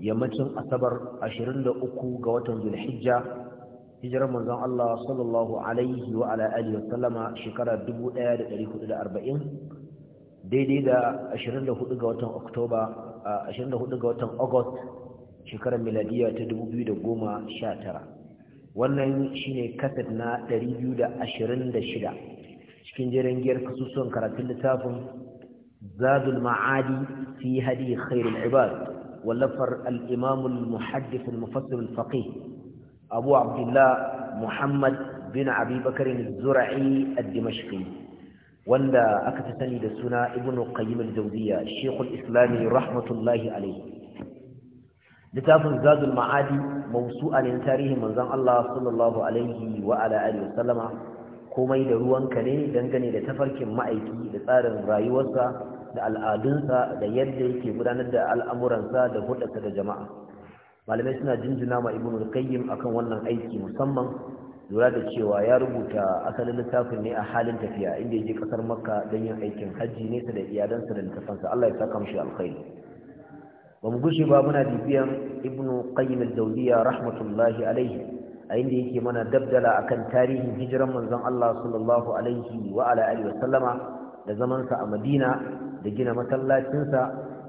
yammacin asabar 23 ga watan zulhijja hijirar manzon Allah sallallahu alaihi wa ala alihi wa sallama shekara 1440 daidai da 24 ga watan oktoba 24 ga watan august shekarar miladiya ta 2019 wannan shine kaset na 226 cikin jerin giyar kasusuwan karatun littafin zadul ma'adi fi hadi khairul ibad wallafar al'imamul muhaddifin mufassirin faƙi abu abdullah muhammad bin abubakarin zura'i a dimashki wanda aka fi sani da suna ibn qayyim al-jawziya shekul islami rahmatullahi littafin zadul ma'adi mawsu'a ne tarihin manzon Allah sallallahu alaihi wa ala alihi komai da ruwan ne dangane da tafarkin ma'aiki da tsarin rayuwarsa da al'adunsa da yadda yake gudanar da al'amuransa da hudarsa da jama'a malamai suna jinjina ma ibn al-qayyim akan wannan aiki musamman lura da cewa ya rubuta asalin littafin ne a halin tafiya inda yake kasar makka don yin aikin hajji nesa da iyalansa da littafansa Allah ya saka mishi alkhairi ba mu gushe ba muna bibiyan ibn qayyim al rahmatullahi alaihi a inda yake mana dabdala akan tarihin hijiran manzon Allah sallallahu alaihi wa ala alihi wa sallama da zamansa a Madina da gina masallacinsa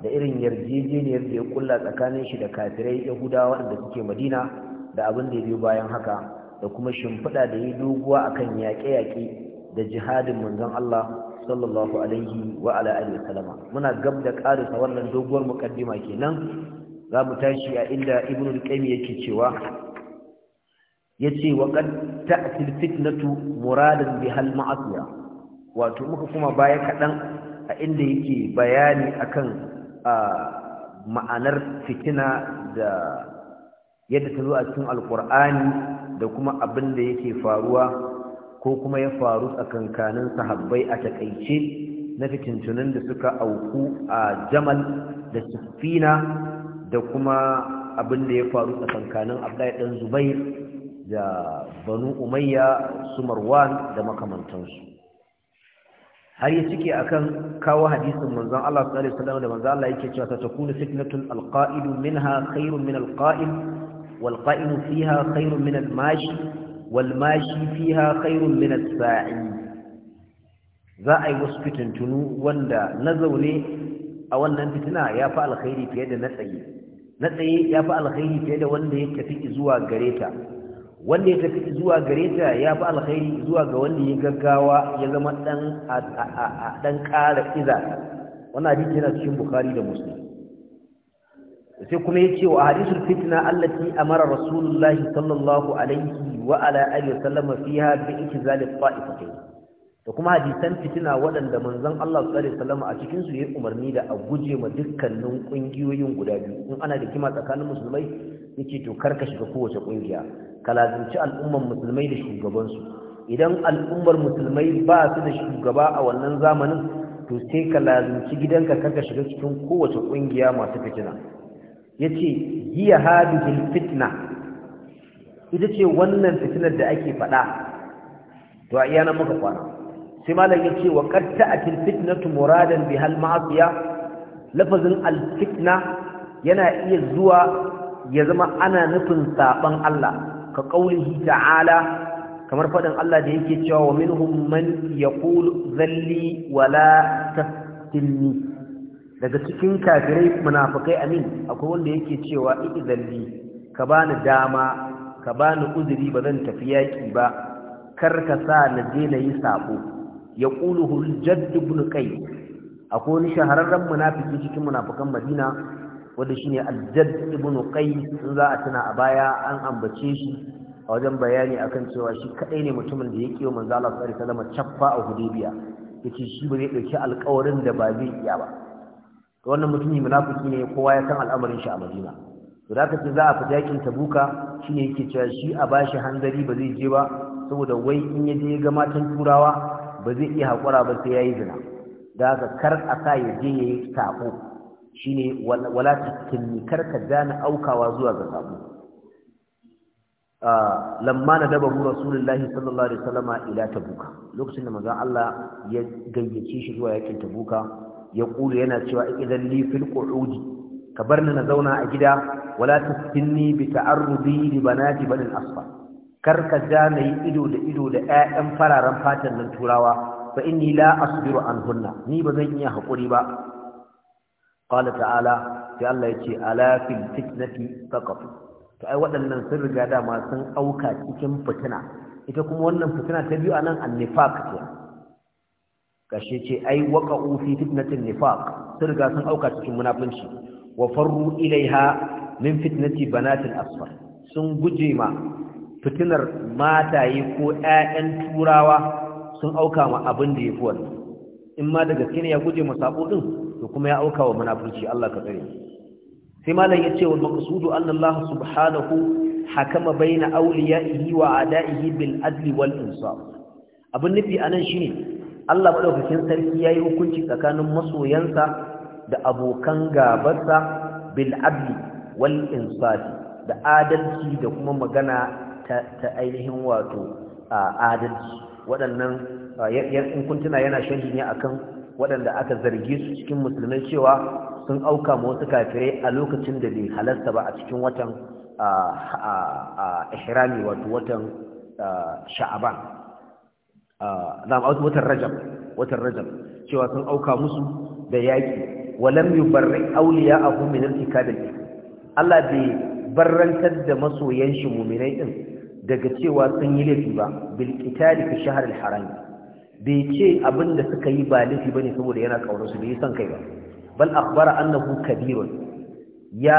da irin yarjejeniyar da ya kulla tsakanin shi da kafirai yahudawa waɗanda suke madina da abin da ya biyo bayan haka da kuma shimfiɗa da ya doguwa a kan yaƙe-yaƙe da jihadin manzon Allah sallallahu alaihi wa ala muna gab da ƙarisa wannan doguwar muqaddima kenan za mu tashi a inda ibnu al-qayyim yake cewa yace wa qad ta'ti fitnatu muradan Bihal al wato muka kuma baya kaɗan? a inda yake bayani akan ma'anar fitina da yadda ta zo a cikin alkur'ani da kuma abin da yake faruwa ko kuma ya faru tsakankanin sahabbai a takaice na fitintunan da suka auku a jamal da sufina da kuma abin da ya faru tsakankanin abdullahi dan zubair da banu umayya su da makamantansu har ya cike a kan kawo hadisin manzon Allah sallallahu alaihi wasallam da manzon Allah yake cewa satakunu fitnatul alqa'idu minha khairun min alqa'im wal qa'imu fiha khairun min almashi wal mashi fiha khairun min as za a yi wasu fitintunu wanda na zaune a wannan fitina ya fi alkhairi fiye da na tsaye na tsaye ya fi alkhairi fiye da wanda ya tafi zuwa gareta. wanda ya tafi zuwa gare ta ya fi alkhairi zuwa ga wanda ya gaggawa ya zama dan dan kara iza wannan hadisi yana cikin bukhari da muslim sai kuma yake wa hadisul fitna allati amara rasulullahi sallallahu alaihi wa ala alihi wasallam fiha bi ikzal al da kuma hadisan fitina waɗanda manzon Allah sallallahu alaihi wasallam a cikin su yayi umarni da a guje ma dukkanin kungiyoyin guda biyu in ana da kima tsakanin musulmai yake to karka shiga kowace kungiya kalazunci al'ummar musulmai da shugaban su idan al'ummar musulmai ba su da shugaba a wannan zamanin to sai kalazunci gidanka karka shiga cikin kowace kungiya masu fitina yace hiya hadhihi fitna ita ce wannan fitinar da ake faɗa to a iyana muka kwana sai malam ya ce wa qatta atil fitnatu muradan bihal mafiya, lafazin al fitna yana iya zuwa ya zama ana nufin saban Allah ka qaulihi ta'ala kamar fadin Allah da yake cewa wa minhum man yaqulu zalli wala tastinni daga cikin kafirai munafikai amin akwai wanda yake cewa zalli ka bani dama ka bani uzuri ba zan tafi yaki ba kar ka sa na je na yi sabo yaquluhu al-jadd ibn kai. akwai wani shahararren munafiki cikin munafikan Madina wanda shine al-jadd ibn qais sun za a a baya an ambace shi a wajen bayani akan cewa shi kadai ne mutumin da yake wa manzo Allah sallallahu alaihi wasallam chaffa a Hudaybiya yace shi ba zai dauki alƙawarin da ba zai iya ba to wannan mutumi munafiki ne kowa ya san al'amarin shi a Madina to da za a fita yakin Tabuka shine yake cewa shi a bashi hanzari ba zai je ba saboda wai in ya je ga matan Turawa ba zai iya haƙura ba sai ya yi zina da haka kar a sa ya je ya yi saƙo shi ne wala cikin kar ka dana aukawa zuwa ga saƙo ah, lamma na daba hu rasulullahi sallallahu alaihi wasallama ila tabuka lokacin da manzon Allah ya gayyace shi zuwa yakin tabuka ya kula yana cewa idan li fil qu'udi ka bar ni na zauna a gida wala tasfinni bi ta'arrudi li banati bani al-asfar karka ja na yi ido da ido da 'ya'yan fararen fatan nan turawa fa inni la asbiru an hunna ni ba zan iya haƙuri ba qala ta'ala sai Allah yace ala fil fitnati faqat to ai waɗannan sun riga da ma sun auka cikin fitina ita kuma wannan fitina ta biyu anan an-nifaq ce kashe ce ai waqa'u fi fitnatin nifaq sun riga sun auka cikin munafunci wa farru ilaiha min fitnati banatil asfar sun guje ma fitinar mataye ko ƴaƴan turawa sun auka ma abin da fi wannan in ma da gaske ne ya guje ma sabo din to kuma ya auka wa munafurci Allah ka tsare sai malam yace ce maqsudu anna Allah subhanahu hakama baina awliya'ihi wa ada'ihi bil adli wal insaf abin nufi anan shine Allah madaukakin sarki yayi hukunci tsakanin masoyansa da abokan gabarsa bil adli wal insaf da adalci da kuma magana ta ainihin wato adalci waɗannan in kun yana sharhi ne akan waɗanda aka zargi su cikin musulmai cewa sun auka ma wasu kafirai a lokacin da bai halasta ba a cikin watan ihrami wato watan sha'aban zama watan rajab watan rajab cewa sun auka musu da yaƙi walam yubarri auliya abu min irtikadin Allah bai barrantar da masoyan shi muminai din daga cewa sun yi laifi ba bil qitali fi shahr al haram bai ce abinda suka yi ba laifi bane saboda yana kaurar su bai san kai ba bal akhbara annahu kabirun ya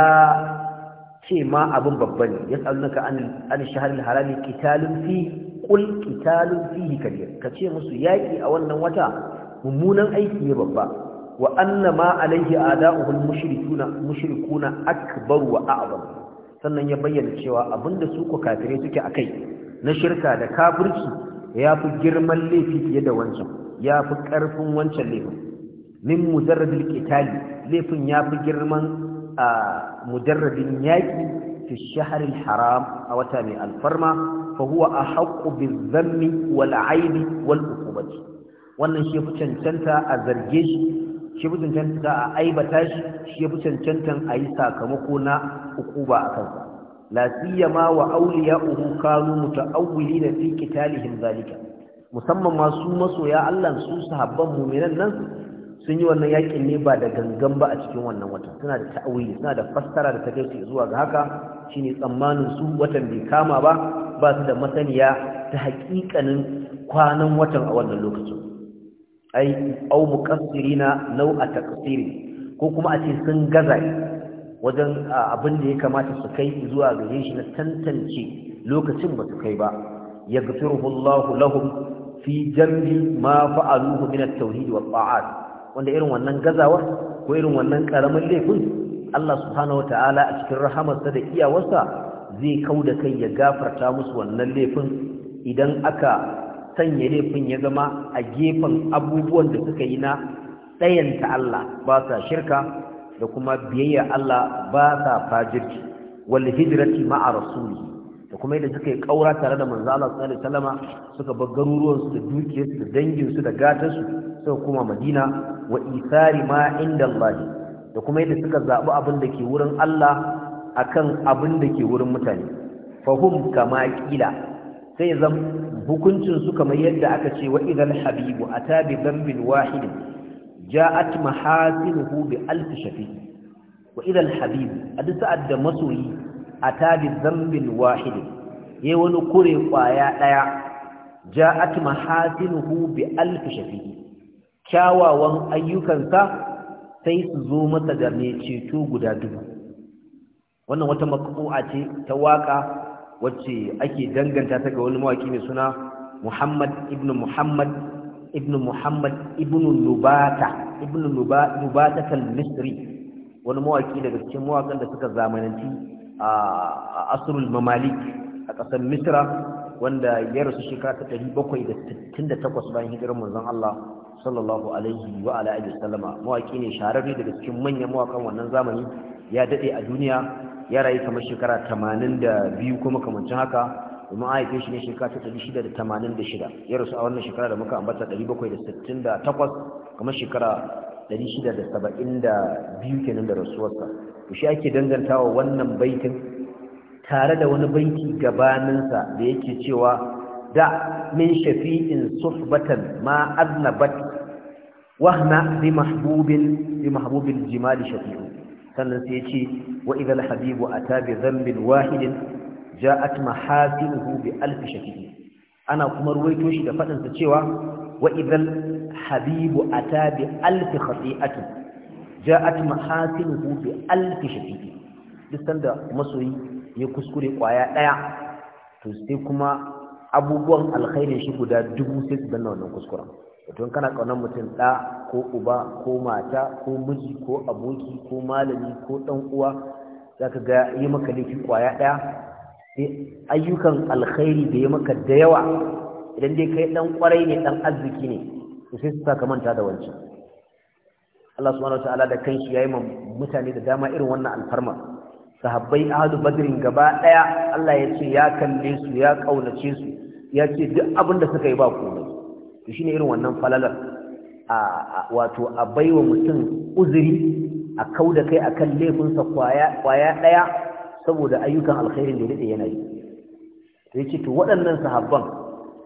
ce ma abin babba ne yas'alunaka an an shahr al haram qitalun fi qul qitalun fihi kabir kace musu yaki a wannan wata mummunan aiki ne babba wa anna ma alaihi a'da'uhul mushrikuna mushrikuna akbar wa a'zam sannan ya bayyana cewa abinda su ku kafirai suke akai na shirka da kafirci ya fi girman laifi fiye da wancan ya fi wancan laifin min mujarradil qitali laifin ya fi girman a mujarradin yaki fi shahril haram a wata mai alfarma fa huwa ahqqu bizammi wal aibi wal uqubati wannan shi fi cancanta a zarge shi shi fi cancanta a aibata shi shi fi cancantan a yi sakamako na ukuba a kansa la ma wa awliya'uhu kanu da fi qitalihim zalika musamman ma su masoya Allah su sahabban mu'minan nan sun yi wannan yakin ne ba da gangan ba a cikin wannan watan suna da ta'awili suna da fassara da ta kai zuwa ga haka shine tsammanin su watan bai kama ba ba su da masaniya ta haƙiƙanin kwanan watan a wannan lokacin ai au muqassirina law taksiri, ko kuma a ce sun gaza wajen abin da ya kamata su kai zuwa gare shi na tantance lokacin ba su kai ba yaghfiruhu Allahu lahum fi jambi ma fa'aluhu min at-tauhid wa at wanda irin wannan gazawa ko irin wannan karamin laifin Allah subhanahu ta'ala a cikin rahamarsa da iyawarsa zai kauda kai ya gafarta musu wannan laifin idan aka sanya laifin ya zama a gefen abubuwan da suka yi na tsayanta Allah ba sa shirka da kuma biyayya Allah ba sa fajirci hijirarci ma a rasuli da kuma yadda suka yi ƙaura tare da Manzala Allah sallallahu suka bar garuruwansu da dukiyarsu da danginsu da gatarsu, suka kuma Madina wa isari ma inda Allah da kuma yadda suka zaɓi abin da ke wurin Allah akan abin da ke wurin mutane fahum kama ƙila. sai zan hukuncin su kamar yadda aka ce wa idan habibu mahasinuhu bi shafi wa idan habibu a duk sa'ad da masoyi ata bi dhanbin wahid wani kure kwaya ja'at mahasinuhu bi alf shafi kyawawan ayyukansa sai su zo masa da mai ceto guda dubu wannan wata maku'a ce ta waka wacce ake danganta ta ga wani mawaki mai suna Muhammad ibn Muhammad ibn Muhammad ibn Nubata ibn Nubata kan misri wani mawaki daga cikin mawakan da suka zamananci a asrul mamalik a ƙasar Misra wanda ya rasu shekara ta 768 bayan hijirar manzon Allah sallallahu alaihi wa ala mawaki ne shahararre daga cikin manyan mawakan wannan zamani ya daɗe a duniya ya rayu kamar shekara tamanin da biyu kuma kamancin haka domin a haife shi ne shekara ta ɗari shida da tamanin da shida ya rasu a wannan shekara da muka ambata ɗari bakwai da sittin da takwas kamar shekara ɗari shida da saba'in da biyu kenan da rasuwarsa to shi ake dangantawa wannan baitin tare da wani baiti gabaninsa da yake cewa da min shafi'in suhbatan ma aznabat wahna bi mahbubin bi mahbubil jimali shafi'u sannan sai ya ce وإذا الحبيب أتى بذنب واحد جاءت محاسنه بألف شكيه أنا كما رويتوش دفتن تتشوى وإذا الحبيب أتى بألف خطيئة جاءت محاسنه بألف شكيه لسان دا مصري يكسكري قوايا لا تستيكما abubuwan alkhairin shi guda dubu sai su danna wannan kuskuren wato kana kaunar mutum ɗa ko uba ko mata ko miji ko aboki ko malami ko ɗan uwa za ka ga yi maka laifi kwaya ɗaya sai ayyukan alkhairi da yi maka da yawa idan dai kai ɗan ƙwarai ne ɗan arziki ne to sai su saka manta da wancan Allah subhanahu wa ta'ala da kanshi yayi mutane da dama irin wannan alfarma sahabbai ahadu badrin gaba ɗaya. Allah ya ce ya kalle su ya kaunace su ya ce duk abin da suka yi ba komai to shine irin wannan falalar a wato a baiwa mutum uzuri a kau da kai akan laifinsa kwaya ɗaya saboda ayyukan alkhairin da daɗe yanayi yi ya ce to waɗannan sahabban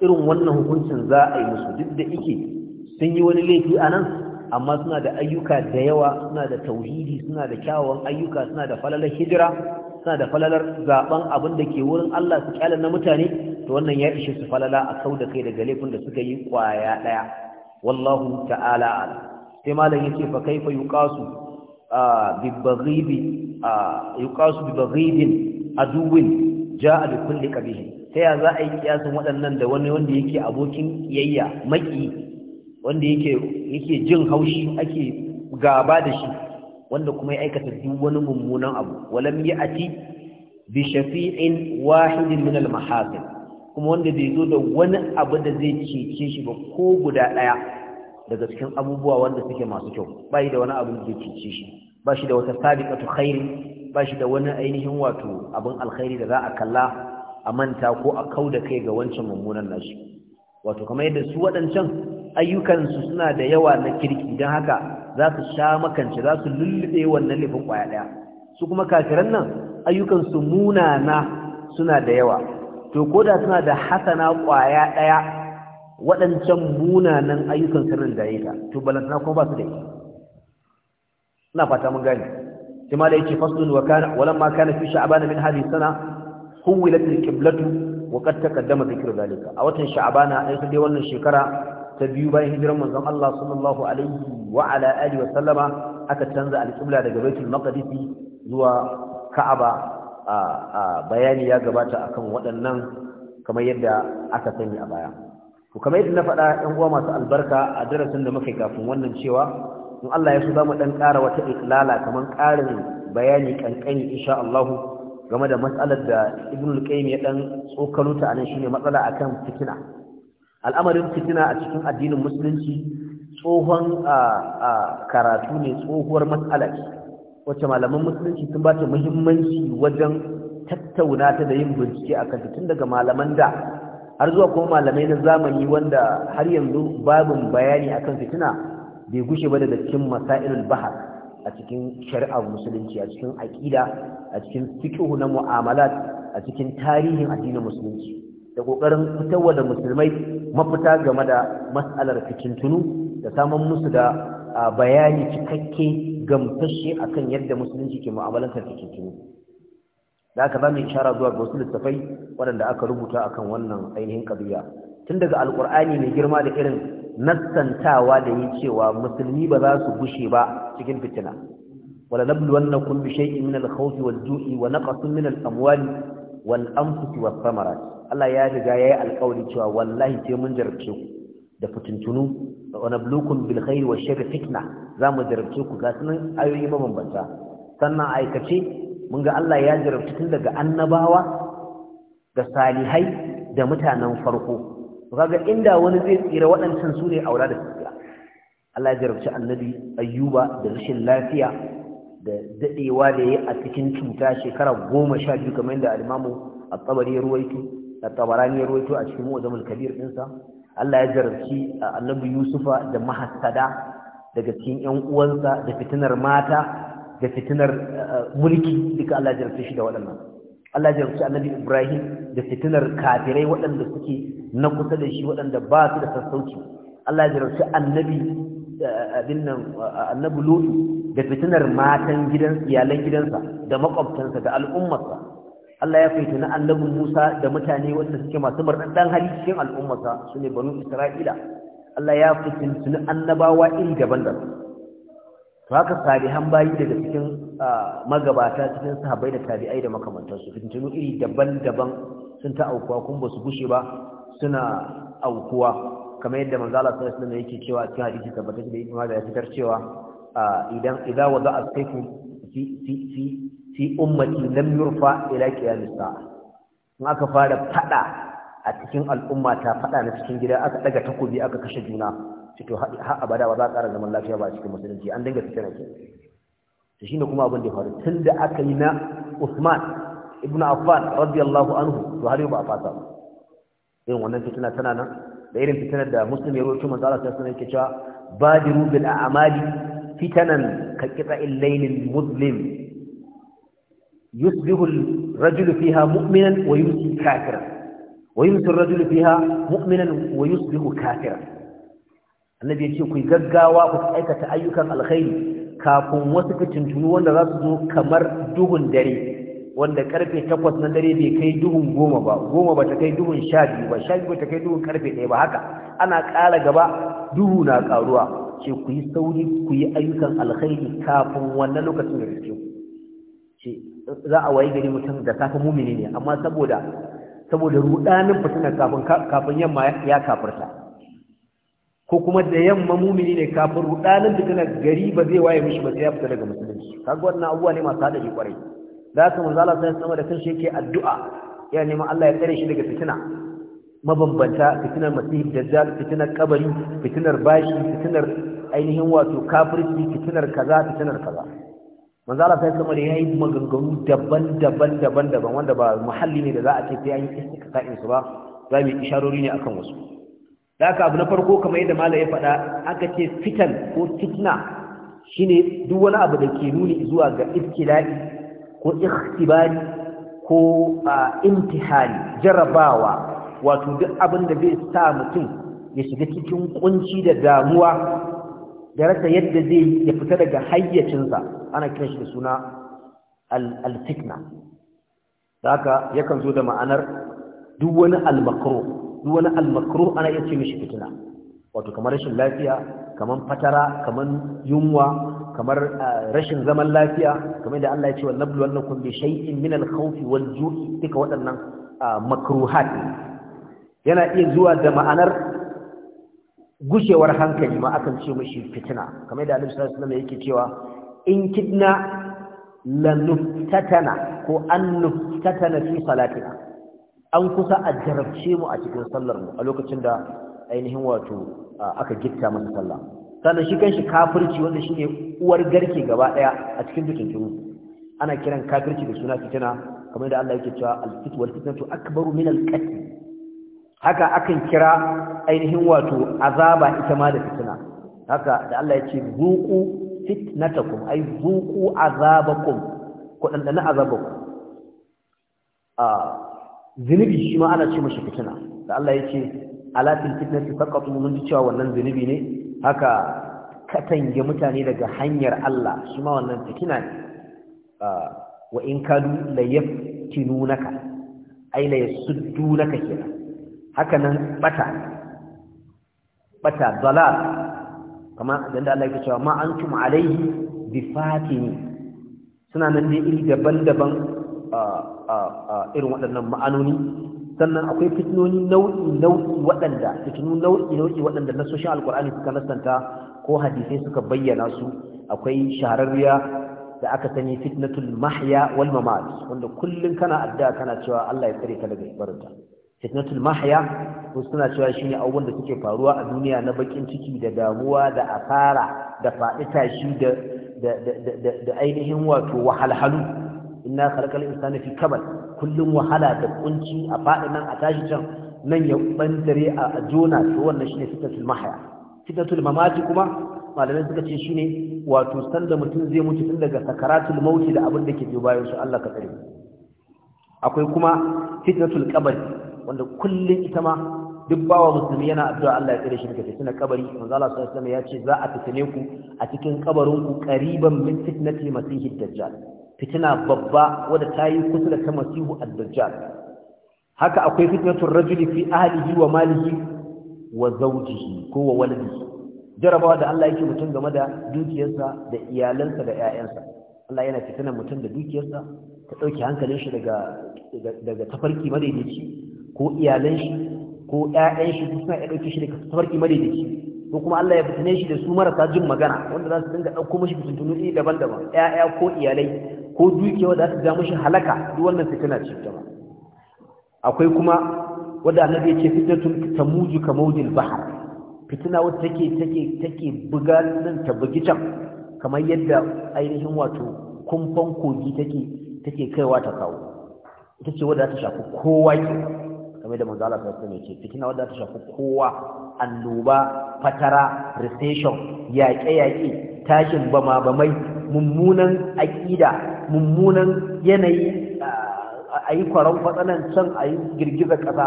irin wannan hukuncin za a yi musu duk da ike sun yi wani laifi a nan amma suna da ayyuka da yawa suna da tauhidi suna da kyawawan ayyuka suna da falalar hijira suna da falalar zaben abin da ke wurin Allah su kyalar na mutane to wannan ya ishe su falala a kau da kai daga laifin da suka yi kwaya ɗaya wallahu ta'ala sai malam yace fa kaifa yuqasu bibaghibi yuqasu bibaghibin aduwin ja'a bi kulli qabih ta ya za a yi kiyasin waɗannan da wani wanda yake abokin kiyayya maki wanda yake yake jin haushi ake gaba da shi wanda kuma ya aikata duk wani mummunan abu walam ya'ti bi shafi'in wahidin min al-mahasin kuma wanda bai zo da wani abu da zai cece shi ba ko guda daya daga cikin abubuwa wanda suke masu kyau bai da wani abu da zai cece shi ba shi da wata sabiqatu khairi ba shi da wani ainihin wato abin alkhairi da za a kalla a manta ko a da kai ga wancan mummunan nashi wato kamar yadda su waɗancan ayyukansu suna da yawa na kirki don haka za su sha makance za su lullube wannan laifin ƙwaya ɗaya su kuma kafiran nan ayyukansu munana suna da yawa to ko da suna da hasana ƙwaya ɗaya waɗancan munanan ayyukansu nan da ya ta to balantana kuma ba su da ita ina fata mun gane sai malai yake faslun wa kana walamma kana fi sha'ban min hadi sana huwilat al-qiblatu wa qad taqaddama dhikru dhalika a watan sha'bana ai sai wannan shekara ta biyu bayan hijiran manzon Allah sallallahu alaihi wa ala alihi wa sallama aka canza al-qibla daga baitul maqdis zuwa ka'aba bayani ya gabata akan waɗannan kamar yadda aka sani a baya to kamar yadda na faɗa 'yan uwa masu albarka a darasin da muka kafin wannan cewa in Allah ya so za mu ɗan ƙara wata iklala kamar ƙarin bayani ƙanƙani insha Allah game da matsalar da Ibn al-Qayyim ya ɗan tsokaluta anan shine matsala akan fitina al'amarin fitina a cikin addinin musulunci tsohon karatu ne tsohuwar matsala ce wacce malaman musulunci sun ba ta muhimmanci wajen tattauna ta da yin bincike akan ta tun daga malaman da har zuwa kuma malamai na zamani wanda har yanzu babin bayani akan fitina bai gushe ba da cikin masailul bahar a cikin shari'ar musulunci a cikin aqida a cikin fiqhu na mu'amalat a cikin tarihin addinin musulunci da kokarin fitawar da musulmai mafita game da mas'alar tunu da samun musu da bayani cikakke gamtashe akan yadda musulunci ke mu'amalantar tunu da aka zamu shara zuwa ga wasu littafai waɗanda aka rubuta akan wannan ainihin qadiya tun daga alqur'ani mai girma da irin nassantawa da yi cewa musulmi ba za su gushe ba cikin fitina wala nabluwannakum bi shay'in min al-khawfi wal-ju'i wa naqsin min al-amwali wal-anfusi was-samarat Allah ya riga yayi alƙawari cewa wallahi sai mun jarabce ku da fitintunu wa nablukum bil khairi wash-sharri fitna zamu jarabce ku ga sunan ayoyi mabambanta sannan aikace mun ga Allah ya jarabce tun daga annabawa da salihai da mutanen farko to kaga inda wani zai tsira waɗancan su ne wula da tsira Allah ya jarabci annabi ayyuba da rashin lafiya da dadewa da yayi a cikin cuta shekara goma sha biyu kamar yadda alimamu, a at ya ruwaito ya ruwaito a cikin Mu'jamul Kabir ɗinsa Allah ya jarabci annabi Yusufa da mahassada daga cikin ƴan uwansa da fitinar mata da fitinar mulki duka Allah ya jarabce shi da waɗannan Allah ya rubuta annabi Ibrahim da fitinar kafirai waɗanda suke na kusa da shi waɗanda ba su da sassauci Allah ya rubuta annabi eh, abin nan eh, annabi Lutu da fitinar matan gidan iyalan gidansa da makwabtansa da al'ummarsa Allah ya na annabi Musa da mutane wanda suke masu marɗaɗɗen hali cikin al'ummarsa sune banu Isra'ila Allah ya na annabawa iri daban-daban to haka salihan bayi daga cikin magabata cikin sahabbai da tabi'ai da makamantansu fitintunu iri daban-daban sun ta aukuwa kuma ba su gushe ba suna aukuwa kamar yadda manzo Allah sallallahu alaihi wasallam yake cewa a cikin hadisi tabbatacce da Ibn Majah ya fitar cewa idan idza wada as-sayfu fi fi fi fi ummati lam yurfa ila qiyam as-sa'a in aka fara fada a cikin al'umma ta fada na cikin gida aka daga takobi aka kashe juna to har abada ba za a ƙara zaman lafiya ba a cikin musulunci an dinga fitina kenan da ne kuma abin da ya faru tun da aka yi na Usman ibn Affan radiyallahu anhu to har yau ba a fasa ba irin wannan fitina tana nan da irin fitinar da muslim ya roƙi manzo Allah sallallahu alaihi yake cewa badiru bil a'mali fitanan ka qita illailil muslim yusbihu ar-rajulu fiha mu'minan wa yumsi kafiran wa yumsi ar-rajulu fiha mu'minan wa yusbihu kafira. annabi ce ku gaggawa ku aikata ayyukan alkhairi kafin wasu ka fitintunu wanda za su zo kamar duhun dare wanda karfe takwas na dare bai kai duhun goma ba goma ba ta kai duhun sha biyu ba sha biyu ba ta kai duhun karfe ɗaya ba haka ana ƙara gaba duhu na ƙaruwa ce ku yi sauri ku yi ayyukan alkhairi kafin wannan lokacin da riske ce za a wayi gari mutum da safe mumini ne amma saboda saboda rudanin fitina kafin kafin yamma ya kafarta ko kuma da yamma mumini ne kafin rudanin tana gari ba zai waye mishi ba sai ya fita daga musulunci kaga wannan abubuwa ne masu hadari kwarai da haka manzo Allah sai sama da kanshi yake addu'a ya neman Allah ya tsare shi daga fitina mabambanta fitinar masih dajjal fitinar kabari fitinar bashi fitinar ainihin wato kafirci fitinar kaza fitinar kaza manzo Allah sai sama da yayi maganganu daban-daban daban-daban wanda ba muhalli ne da za a ce sai an yi istiqa'in su ba za mu yi isharori ne akan wasu da haka abu na farko kamar yadda malam ya faɗa aka ce fitan ko fitna shine duk wani abu da ke nuni zuwa ga ibtila'i ko ikhtibari ko intihari, jarrabawa wato duk abin da zai sa mutum ya shiga cikin kunci da damuwa da rasa yadda zai ya fita daga hayyacinsa ana kiran shi da suna al-fitna haka yakan zo da ma'anar duk wani al duk wani almakruh ana iya ce mishi fitina wato kamar rashin lafiya kamar fatara kamar yunwa kamar ah, rashin zaman lafiya kamar da Allah ya ce wannan bulwan kun bi shay'in min al-khawf wal ju'i duka waɗannan ah, makruhat yana iya zuwa da ma'anar gushewar hankali ma akan ce mishi fitina kamar da Annabi sallallahu alaihi yake cewa in kidna lanuftatana ko annuftatana fi salatina an kusa a jarabce mu a cikin sallar mu a lokacin da ainihin wato aka gitta masa sallah sannan shi kanshi kafirci wanda shine uwar garke gaba daya a cikin dukin ana kiran kafirci da suna fitina kamar da Allah yake cewa al-fitwa wal fitnatu akbaru min al-qatl haka akan kira ainihin wato azaba ita ma da fitina haka da Allah yake zuqu fitnatakum ay zuqu azabakum dan dan azabakum a zunubi shi ma ana ce mashi fitina da Allah ya ce alatin fitnati faqatu mun ji cewa wannan zunubi ne haka katange mutane daga hanyar Allah shi ma wannan fitina ne ah, wa in kadu la yaftinunaka ay la yasuddunaka kira haka nan bata bata dalal kama dan Allah ya cewa ma antum alaihi bifatini suna nan ne iri daban-daban irin waɗannan ma'anoni sannan akwai fitnoni nau'i nau'i waɗanda fitinu nau'i nau'i waɗanda nasoshin alkur'ani suka nasanta ko hadisai suka bayyana su akwai shahararriya da aka sani fitnatul mahya wal mamat wanda kullum kana addu'a kana cewa Allah ya tsare ka daga ibarinta fitnatul mahya wasu suna cewa shine abubuwan da suke faruwa a duniya na bakin ciki da damuwa da asara da faɗi tashi da da da da ainihin wato wahalhalu inna khalaqal insana fi kabad kullum wahala da kunci a fadin nan a tashi can nan ya bantare a jona to wannan shine fitatul mahya fitatul mamati kuma malamai suka ce shine wato sanda mutum zai mutu tun daga sakaratul mauti da abin da ke biyo bayan su Allah ka tsare akwai kuma fitatul qabr wanda kullun ita ma duk bawa musulmi yana addu'a Allah ya tsare shi daga fitinar kabari manzo Allah sallallahu alaihi wasallam ya ce za a fitine ku a cikin kabarin ku qariban min fitnati masihid dajjal fitina babba wadda ta yi kusa da ta masihu ad-dajjal haka akwai fitnatul rajuli fi ahlihi wa malihi wa zawjihi ko wa waladihi jarabawa da Allah yake mutum game da dukiyarsa da iyalansa da ƴaƴansa Allah yana fitina mutum da dukiyarsa ta dauke hankalin shi daga daga tafarki madaidaici ko iyalan shi ko ƴaƴan shi duk suna dauke shi daga tafarki madaidaici ko kuma Allah ya fitine shi da su marasa jin magana wanda za su dinga dauko mishi fitintunu daban-daban ƴaƴa ko iyalai ko dukiya wadda ta ja shi halaka duk wannan fitina ce ta akwai kuma wadda annabi ya ce fitatun tamuju kamaudil bahar fitina wadda take take take buga nan ta bugi can kamar yadda ainihin wato kumfan kogi take take kaiwa ta kawo ita ce wadda ta shafi kowa ke kamar da manzala ta sani ce fitina wadda ta shafi kowa annoba fatara recession yaƙe-yaƙe tashin bama-bamai mummunan aƙida mummunan yanayi a yi kwaron fatsanan can a yi girgizar ƙasa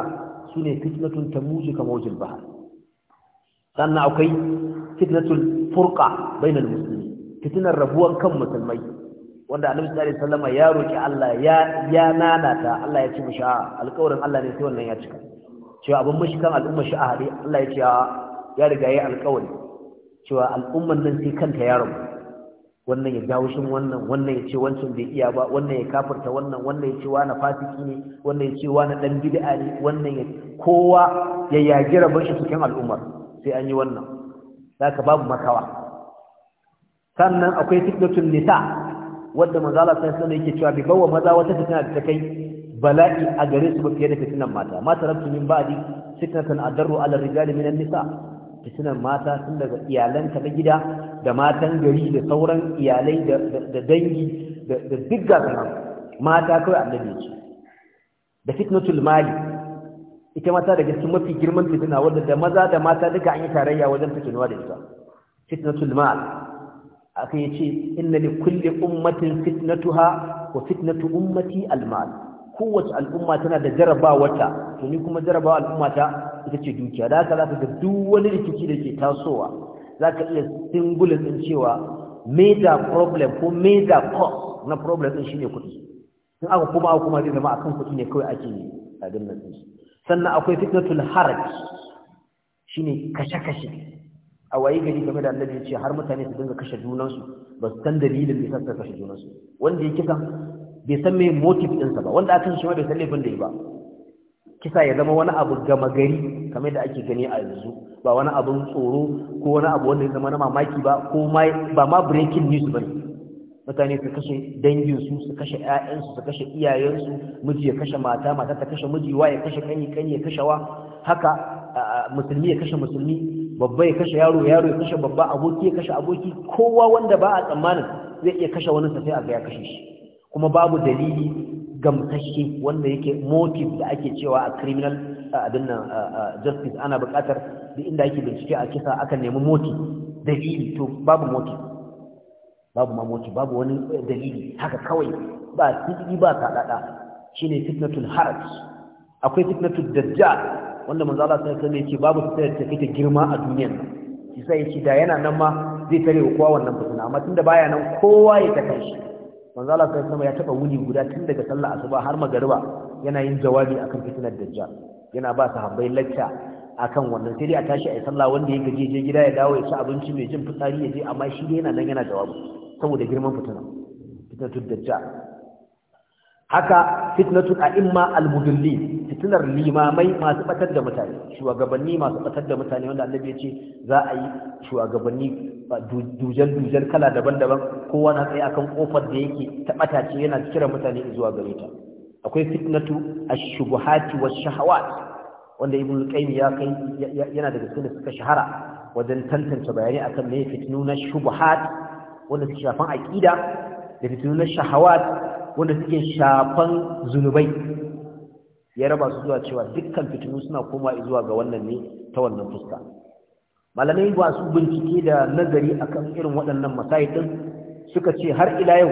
su ne fitnatun ta muji kama wajen ba sannan akwai fitnatun furka bainal musulmi fitinar rabuwan kan musulmai wanda annabi sallallahu alaihi wasallam ya roki Allah ya ya nanata Allah ya ci mishi a alƙawarin Allah ne sai wannan ya cika cewa abin mashikan al'umma shi a hade Allah ya ce ya riga yayi alƙawari cewa al'umman nan sai kanta ya rabu wannan ya jawo shin wannan wannan ya ce wancan bai iya ba wannan ya kafirta wannan wannan ya ce wa na fasiki ne wannan ya ce wa wani dan bid'a ne wannan ya kowa ya yagi rabon shi cikin al'ummar sai an yi wannan zaka babu makawa sannan akwai fitnatul nisa wanda manzo Allah sai sai yake cewa bi bawa maza wata fitina da kai bala'i a gare su fiye da fitinan mata mata rabtu min ba'di fitnatan adarru ala rijali min nisa fitinan mata tun daga iyalanka na gida da matan gari da sauran iyalai da dangi da duk gasa mata kawai annabi ce da fitnatul mali ita mata da mafi girman fitina wadda da maza da mata duka an yi tarayya wajen fitinuwa da ita fitnatul mal aka yace inna li kulli ummatin fitnatuha wa fitnatu ummati al mal kowace al'umma tana da jarabawata to ni kuma jarabawa al'ummata ita ce dukiya da haka za ka ga duk wani rikici da ke tasowa za ka iya singulin din cewa Meta problem ko Meta cause na problem ɗin shine kuɗi in aka kuma aka kuma zai zama akan kuɗi ne kawai ake tsadin nan sannan akwai fitnatul haraj shine kashe-kashe a waye gari game da ne ce har mutane su dinga kashe junansu ba su san dalilin da yasa kashe junansu wanda ya kisa bai san me motive sa ba wanda akan shi ma bai san laifin da ya ba kisa ya zama wani abu gama gari kamar da ake gani a yanzu ba wani abun tsoro ko wani abu wanda ya zama na mamaki ba ko ba ma breaking news ba mutane su kashe danginsu su kashe 'ya'yansu su kashe iyayensu miji ya kashe mata mata ta kashe miji wa ya kashe kanyi kanyi ya kashe wa haka musulmi ya kashe musulmi babba ya kashe yaro yaro ya kashe babba aboki ya kashe aboki kowa wanda ba a tsammanin zai iya kashe wani sai a ga ya kashe shi kuma babu dalili gamsashe wanda yake motive da ake cewa a criminal abin nan justice ana buƙatar da inda ake bincike a kisa aka nemi moti dalili to babu moti babu ma moti babu wani dalili haka kawai ba tsiki ba dada shine fitnatul haraj akwai fitnatul dajjal wanda manzo Allah sai sai yake babu fitar ta fita girma a duniyar shi sai yake da yana nan ma zai tare wa kowa wannan fitina amma tunda baya nan kowa ya ta kai shi manzo Allah sai sai ya taba wuni guda tun daga sallar asuba har magariba yana yin jawabi akan fitnatul dajjal yana ba sahabbai lacca akan wannan sai dai a tashi a yi sallah wanda ya gaje je gida ya dawo ya ci abinci mai jin fitsari ya je amma shi dai yana nan yana jawabu, saboda girman fitina fitnatul dajjal haka fitnatul a'imma al mudalli fitnar limamai masu batar da mutane shugabanni masu batar da mutane wanda annabi ya ce za a yi shugabanni dujal dujal kala daban-daban kowa na tsaye akan kofar da yake ta bata ce yana kira mutane zuwa gare ta akwai fitnatu ash-shubuhati wash-shahawat wanda ibn qayyim ya kai yana daga cikin da suka shahara wajen tantance bayani akan me fitinu na shubuhat wanda suke shafan aqida da fitinu na shahawat wanda suke shafan zunubai ya raba su zuwa cewa dukkan fitinu suna koma zuwa ga wannan ne ta wannan fuska malamai ba su bincike da nazari akan irin waɗannan masayi ɗin, suka ce har ila yau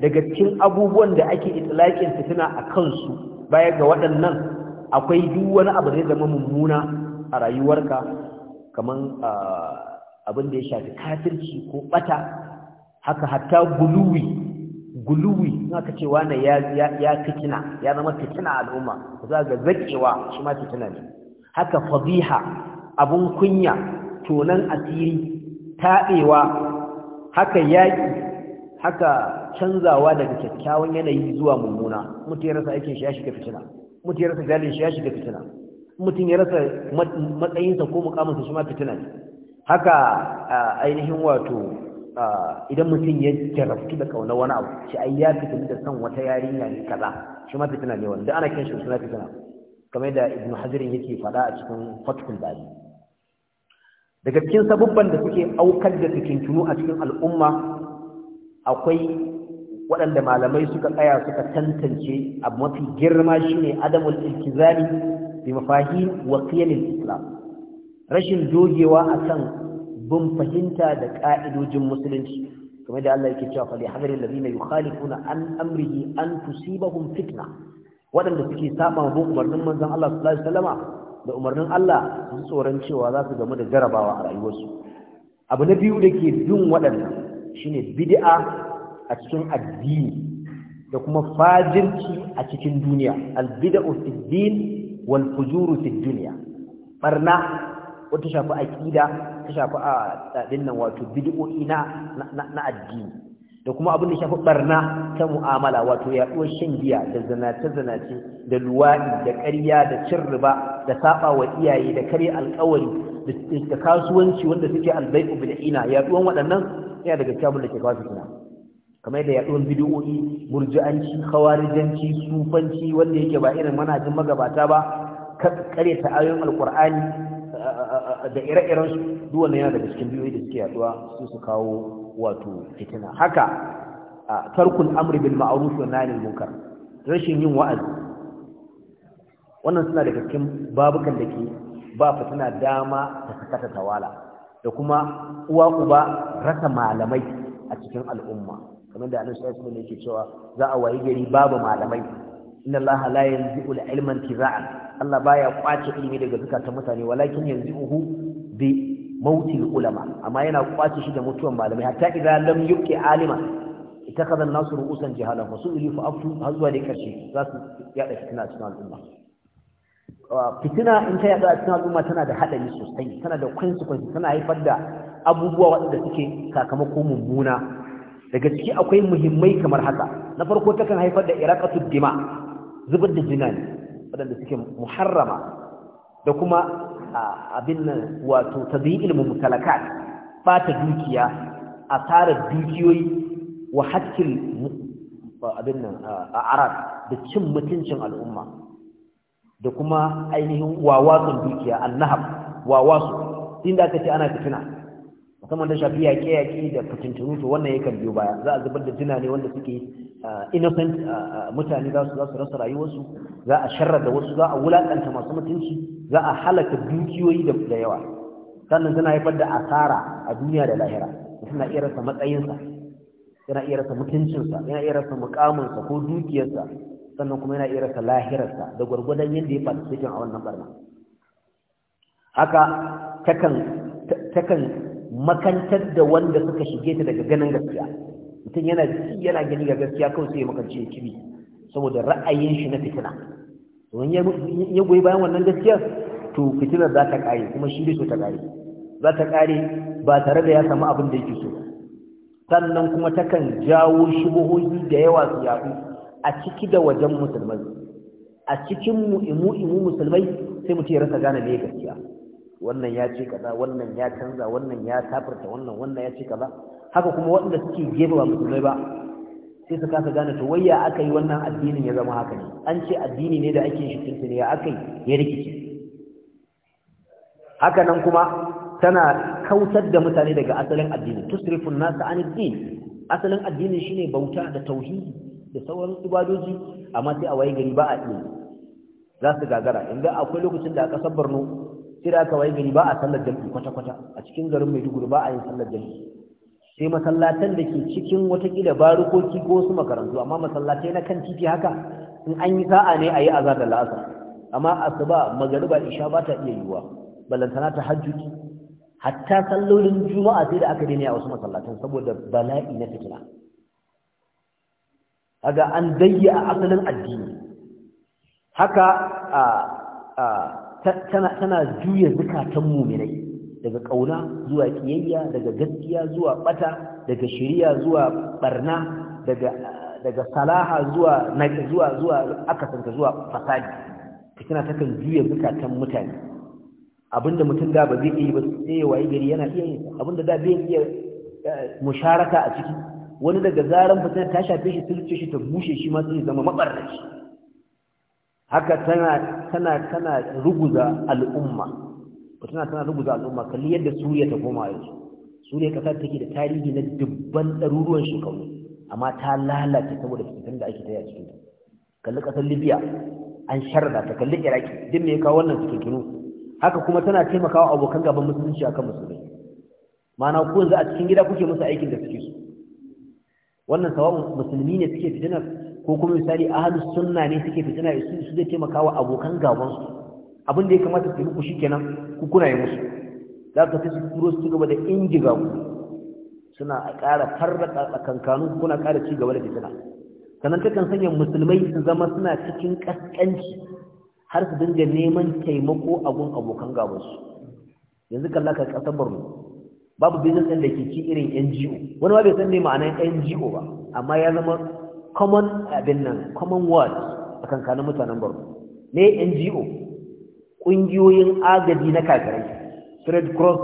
daga cikin abubuwan da ake itlaƙin fitina a kansu baya ga waɗannan akwai duk wani abu da ya zama mummuna a rayuwarka kamar abin da ya shafi kafirci ko bata haka hatta guluwi guluwi aka ce cewa ya ya fitina ya zama fitina al'umma za ga zakewa shi ma fitina ne haka fadiha abun kunya tonan asiri taɓewa haka yaƙi haka canzawa daga kyakkyawan yanayi zuwa mummuna mutum ya rasa aikin shi ya shiga fitina mutum ya rasa jalin shi ya shiga fitina mutum ya rasa matsayinsa ko mukaminsa shi ma fitina ne haka ainihin wato idan mutum ya jarabtu da kauna wani abu shi ai ya fitina da san wata yarinya ne kaza shi ma fitina ne wanda ana kin shi suna fitina kamar da ibn hazirin yake faɗa a cikin fatkul bari daga cikin sabubban da suke aukar da fitintunu a cikin al'umma akwai waɗanda malamai suka tsaya suka tantance abu mafi girma shine adamul iltizami bi wa qiyamil islam rashin dogewa akan bin fahimta da ka'idojin musulunci kamar da Allah yake cewa fa li hadaril ladina yukhalifuna an amrihi an tusibahum fitna waɗanda suke saba bin umarnin manzon Allah sallallahu alaihi wasallama da umarnin Allah su tsoron cewa za su gamu da jarabawa a rayuwarsu abu na biyu da ke bin waɗannan shine bid'a a cikin addini da kuma fajirci a cikin duniya albida'u fi din wal fujuru fi dunya barna wata shafi aqida ta shafi a nan wato bid'o'i na na addini da kuma abin da shafi barna ta mu'amala wato yaduwar shan giya da zanace zanace da luwadi da ƙarya da cin riba da saba wa iyaye da kare alƙawari da kasuwanci wanda suke albai'u bil'ina yaduwan waɗannan yana daga cikin da ke kawo kamar da yaduwar bid'o'i murji'anci khawarijanci sufanci wanda yake ba irin manhajin magabata ba kare ta ayoyin alqur'ani da ire-iren su duk wannan yana daga cikin bid'o'i da suke yaduwa su su kawo wato fitina haka tarkul amri bil ma'ruf wa nahy anil munkar rashin yin wa'azi wannan suna daga cikin babukan da ke ba fitina dama ta sakata tawala da kuma uwa uba rasa malamai a cikin al'umma kamar da annabi sallallahu alaihi yake cewa za a wayi gari babu malamai inna Allah la yanzi'u al-ilma Allah baya kwace ilimi daga zakatan mutane walakin yanzi'uhu bi mautil ulama amma yana kwace shi da mutuwan malamai hatta idza lam yubqi alima ittakhadha an-nasu ru'usan jahala fa su'ili fa aftu hazwa da karshe za su yada fitina cikin al'umma fitina in ta yada cikin al'umma tana da hadari sosai tana da consequences tana haifar da abubuwa waɗanda suke sakamako mummuna daga ciki akwai muhimmai kamar haka na farko takan haifar da iraqatu dima zubar da jina ne wadanda suke muharrama da kuma abin nan wato tadhi'il mumtalakat bata dukiya asarar dukiyoyi wa hakkil abin nan a'rad da cin mutuncin al'umma da kuma ainihin wawatsun dukiya annahab wawasu inda aka ce ana fitina musamman da shafi yaƙe yaƙe da fitintunu to wannan kan biyo baya za a zubar da tunani wanda suke innocent mutane za su rasa rayuwarsu za a sharra da wasu za a wulaƙanta masu mutunci za a halaka dukiyoyi da yawa sannan tana haifar da asara a duniya da lahira suna iya rasa matsayinsa yana iya rasa mutuncinsa yana iya rasa mukaminsa ko dukiyarsa sannan kuma yana iya rasa lahirarsa da gwargwadon yadda ya faɗi cikin a wannan barna haka takan makantar da wanda suka shige ta daga ganin gaskiya mutum yana ji yana gani ga gaskiya kawai sai ya makance ya kibi saboda ra'ayin shi na fitina to ya goyi bayan wannan gaskiya? to fitinar za ta kare kuma shi so ta kare za ta kare ba tare da ya samu abin da yake so sannan kuma takan jawo shubuhohi da yawa su yaɗu a ciki da wajen musulmai a cikin mu imu imu musulmai sai mutum ya rasa gane me gaskiya wannan ya ce kaza wannan ya canza wannan ya tafarta wannan wannan ya ce kaza haka kuma waɗanda suke gefe ba musulmai ba sai su kasa gane to wayya aka yi wannan addinin ya zama haka ne an ce addini ne da ake shi tuntun ya aka yi ya rikice haka nan kuma tana kautar da mutane daga asalin addini tusrifun nasa an addini asalin addini shine bauta da tauhidi da sauran ibadoji amma sai a waye gari ba a yi. za su gagara inda akwai lokacin da aka sabbarno sai da aka waye gari ba a sallar jami'i kwata-kwata a cikin garin maiduguri ba a yin sallar jami'i sai masallatan da ke cikin wata watakila barukoki ko wasu makarantu amma masallatai na kan titi haka in an yi sa'a ne a yi azar da la'asa amma asuba magariba isha ba ta iya yiwuwa ballantana ta hajjuki hatta sallolin juma'a sai da aka daina a wasu masallatan saboda bala'i na fitina kaga an dayya asalin addini haka a tana juya zukatan muminai daga ƙauna zuwa ƙiyayya daga gaskiya zuwa ɓata daga shiriya zuwa ɓarna daga daga salaha zuwa naki zuwa zuwa akasanta zuwa fasadi ta takan juya zukatan mutane abinda mutum da ba zai iya ba sai waye gari yana iya yin abinda da zai iya eh, musharaka a ciki wani daga zaran fitina ta shafe shi sulce shi ta bushe shi ma sai zama haka tana tana tana ruguza al'umma tana tana ruguza al'umma kalli yadda Suriya ta koma yanzu Suriya kasa take da tarihi na dubban daruruwan shekaru amma ta lalace saboda fitan da ake taya cikin kalli kasar Libya an sharda ta kalli Iraki din me ya kawo wannan cikin haka kuma tana taimakawa abokan gaban musulunci akan musulmai ma'ana ko yanzu a cikin gida kuke musu aikin da suke so wannan sawa musulmi ne suke fitinar ko kuma misali ahlus sunna ne suke fitina su su zai taimaka wa abokan gaban su abin da ya kamata su yi muku shikenan ku kuna yi musu za ka fi su turo su gaba da injiga ku suna ƙara farraka tsakankanu kuna ƙara ci gaba da fitina sannan takan sanya musulmai su zama suna cikin ƙasƙanci har su dinga neman taimako a gun abokan gabansu yanzu kalla ka ƙasar mu. babu business ɗin da ke ci irin NGO wani ma bai san ne ma'anar NGO ba amma ya zama common abin nan common word a kankanin mutanen borno ne ngo ƙungiyoyin agaji na kafirai Fred cross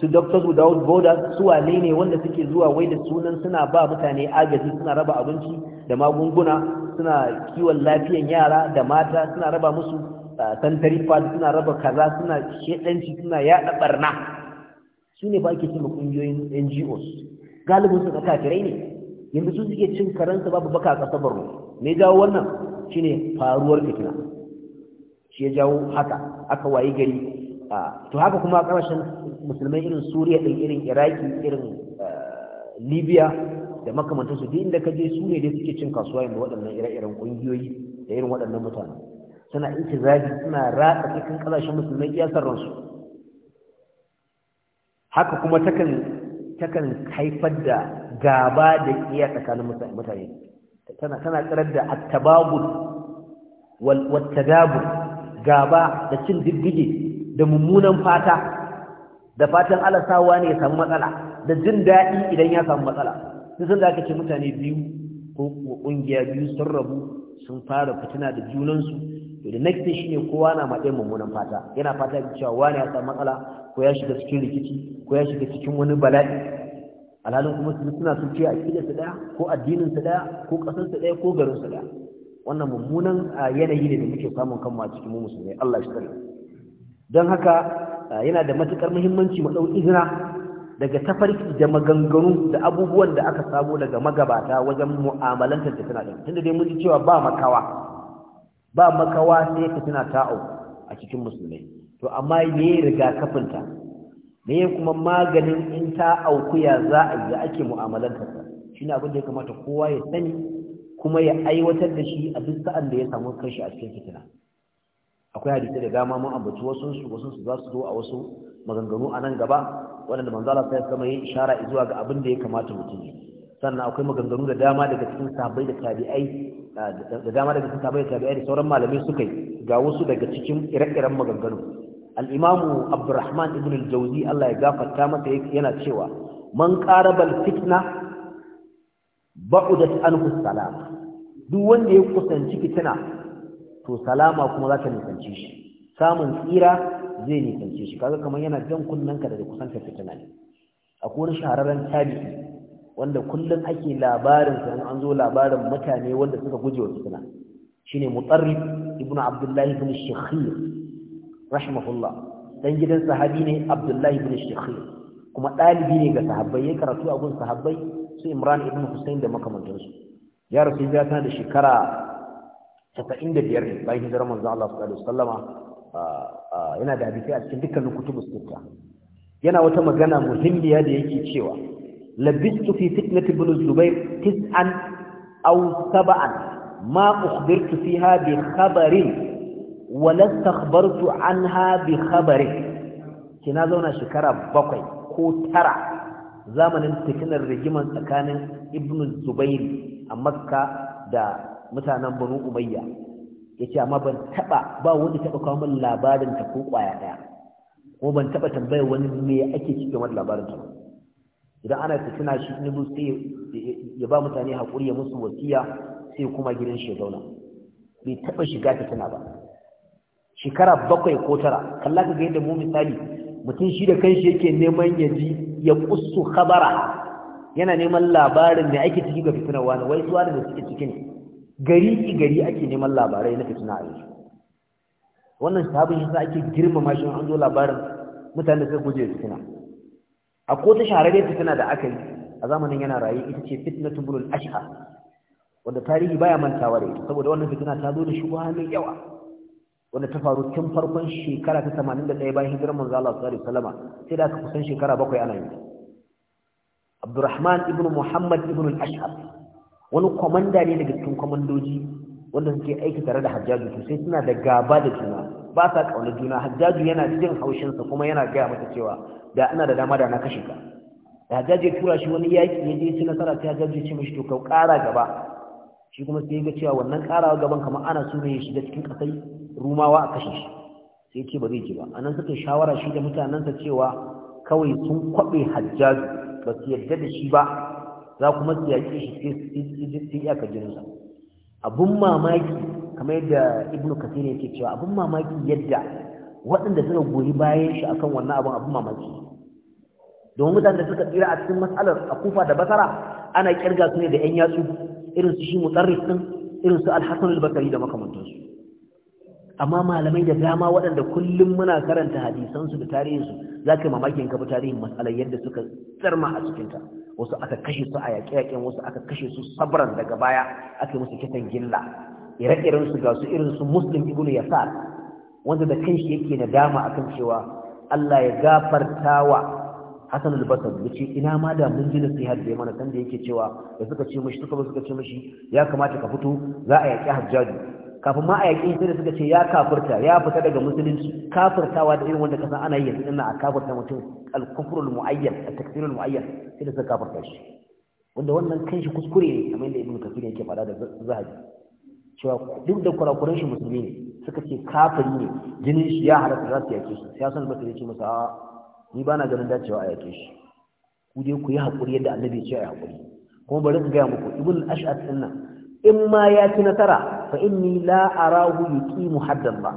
su doctors without borders su wane ne wanda suke zuwa wai da sunan suna ba mutane agaji suna raba abinci da magunguna suna kiwon lafiyan yara da mata suna raba musu ah, santari fad suna raba kaza suna shedanci suna yaɗa barna su ne ba ake cima ƙungiyoyin ngos galibin su kafirai ne yanzu su suke cin karansa babu baka a kasar Borno me jawo wannan Shi ne faruwar fitina shi ya jawo haka aka wayi gari to haka kuma ƙarshen musulmai irin Suriya da irin Iraki irin eh, Libya da makamantarsu. duk inda ka je su ne dai suke cin kasuwa yanzu waɗannan ire-iren ƙungiyoyi da irin waɗannan mutane suna zafi suna ratsa cikin ƙasashen musulmai iyasar ransu haka kuma takan takan haifar da gaba da kiya tsakanin mutane tana tana karar da attababul wal wattadabur gaba da cin diddige da mummunan fata da fatan sawa ne ya samu matsala da jin daɗi idan ya samu matsala sun da aka mutane biyu ko ƙungiya biyu sun rabu sun fara fitina da junansu da next thing shine kowa na matsayin mummunan fata yana fata cewa wani ya samu matsala ko ya shiga cikin rikici ko ya shiga cikin wani bala'i alhalin kuma su suna sun ce aƙida su daya ko addinin su daya ko ƙasar su daya ko garin su daya wannan mummunan yanayi ne da muke samun kanmu a cikin mu musulmai Allah shi tsare don haka yana da matukar muhimmanci mu dau izina daga tafarki da maganganu da abubuwan da aka samu daga magabata wajen mu'amalantar fitina din tunda dai mun cewa ba makawa ba makawa sai ka ta ta'au a cikin musulmai to amma me rigakafinta me kuma maganin in ta aukuya za a yi ake mu'amalantar ta ne abin da ya kamata kowa ya sani kuma ya aiwatar da shi a duk sa'an da ya samu kanshi a cikin fitina akwai hadisi da dama mun ambaci wasu su wasu su za su zo a wasu maganganu a nan gaba waɗanda manzo Allah sai kuma yi ishara zuwa ga abin da ya kamata mutum yi sannan akwai maganganu da dama daga cikin sahabbai da tabi'ai da dama daga cikin sahabbai da tabi'ai da sauran malamai suka yi ga wasu daga cikin ire-iren maganganu al-imamu abdurrahman ibn al jauzi Allah ya gafarta masa yana cewa man qarabal fitna ba'udat anhu salama duk wanda ya kusanci fitina to salama kuma za ta nisanci shi samun tsira zai nisanci shi kaga kamar yana jan kunnanka da kusantar fitina ne akwai wani shahararren tabi'i wanda kullum ake labarin sa an zo labarin mutane wanda suka guje wa fitina shine mutarrib ibnu abdullahi ibn shakhir rahimahullah dan gidan sahabi ne abdullahi bin shakhir kuma dalibi ne ga sahabbai ya karatu a gun sahabbai su imran ibn husayn da makamantansu ya rasu ya tana da shekara 95 ne bayan hijirar manzon Allah sallallahu alaihi wasallama yana da hadisi a cikin dukkanin kutubus yana wata magana muhimmiya da yake cewa labistu fi fitnati ibn zubair tis'an aw sab'an ma ukhbirtu fiha bi khabarin walasta khabartu anha bi khabari kina zauna shekara bakwai ko tara zamanin fitinar rigiman tsakanin ibn zubairi a makka da mutanen banu umayya yace amma ban taba ba wanda taba kawo min labarin ta ko kwaya daya ko ban taba tambaya wani me ake cikin wannan labarin ta idan ana fitina shi ne sai ya ba mutane hakuri ya musu wasiya sai kuma gidan shi zauna bai taba shiga fitina ba shekara bakwai ko tara kalla ka ga yadda mu misali mutum shi da kanshi yake neman ya ji ya kusu khabara yana neman labarin da ake ciki ga fitinar wani wai suwa da suke cikin gari ki gari ake neman labarai na fitina a yanzu wannan sabon shi ake girmama shi an zo labarin mutane da guje fitina a ko ta shahararren fitina da aka yi a zamanin yana raye ita ce fitna tubulul ashha wanda tarihi baya mantawa da ita saboda wannan fitina ta zo da shubha mai yawa wanda ta faru tun farkon shekara ta 81 bayan hijirar manzo Allah sallallahu alaihi wasallam sai da aka kusan shekara bakwai ana yi Abdurrahman ibn Muhammad ibn al-Ash'ab wani komanda ne daga cikin komandoji wanda suke aiki tare da Hajjaju to sai suna da gaba da juna ba sa kauna juna Hajjaju yana jin haushin sa kuma yana ga mata cewa da ina da dama da na kashe ka da Hajjaju tura shi wani yaki ya je shi nasara ta Hajjaju ya ce mishi to ka ƙara gaba shi kuma sai ga cewa wannan karawa gaban kamar ana so ne shi shiga cikin kasai rumawa a kashe shi sai ce ba zai ji ba anan suka shawara shi da sa cewa kawai sun kwabe hajjaju ba su yarda da shi ba za kuma su yaƙe shi sai aka iyaka sa abun mamaki kamar yadda ibnu kasir yake cewa abun mamaki yadda waɗanda suka goyi bayan shi akan wannan abun abun mamaki domin mutanen da suka tsira a cikin matsalar a kufa da basara ana kirga su ne da 'yan yatsu irin su shi mutarrif din irin su da makamantansu amma malamai da dama waɗanda kullum muna karanta hadisansu da tarihinsu za ka yi mamakin kafa tarihin matsalar yadda suka tsarma a cikinta wasu aka kashe su a yaƙe-yaƙen wasu aka kashe su sabran daga baya aka yi musu kitan gilla ire-iren su ga su irin su muslim ibnu yasar wanda da kanshi yake nadama akan cewa Allah ya gafartawa Hassan al basr yace ina ma da mun ji nasiha da mana san da yake cewa da suka ce mishi suka suka ce mishi ya kamata ka fito za a yaki Hajjaju kafin ma a yaki sai da suka ce ya kafirta ya fita daga musulunci kafirtawa da irin wanda kasan ana yi yanzu dinnan a kafirta mutum al-kufru al-mu'ayyan at-takfir al-mu'ayyan sai da suka kafirta shi wanda wannan kanshi kuskure ne kamar da Ibn Kathir yake faɗa da Zahabi cewa duk da kurakuran shi musulmi ne suka ce kafiri ne jinin shi ya halatta za su yake shi sai Hassan al-Basri masa ni ba na ganin dacewa a yake shi ku dai ku yi haƙuri yadda annabi ce a haƙuri kuma bari in gaya muku ibn ash'ad din nan in ma ya ci nasara fa inni la arahu yuqimu haddan ba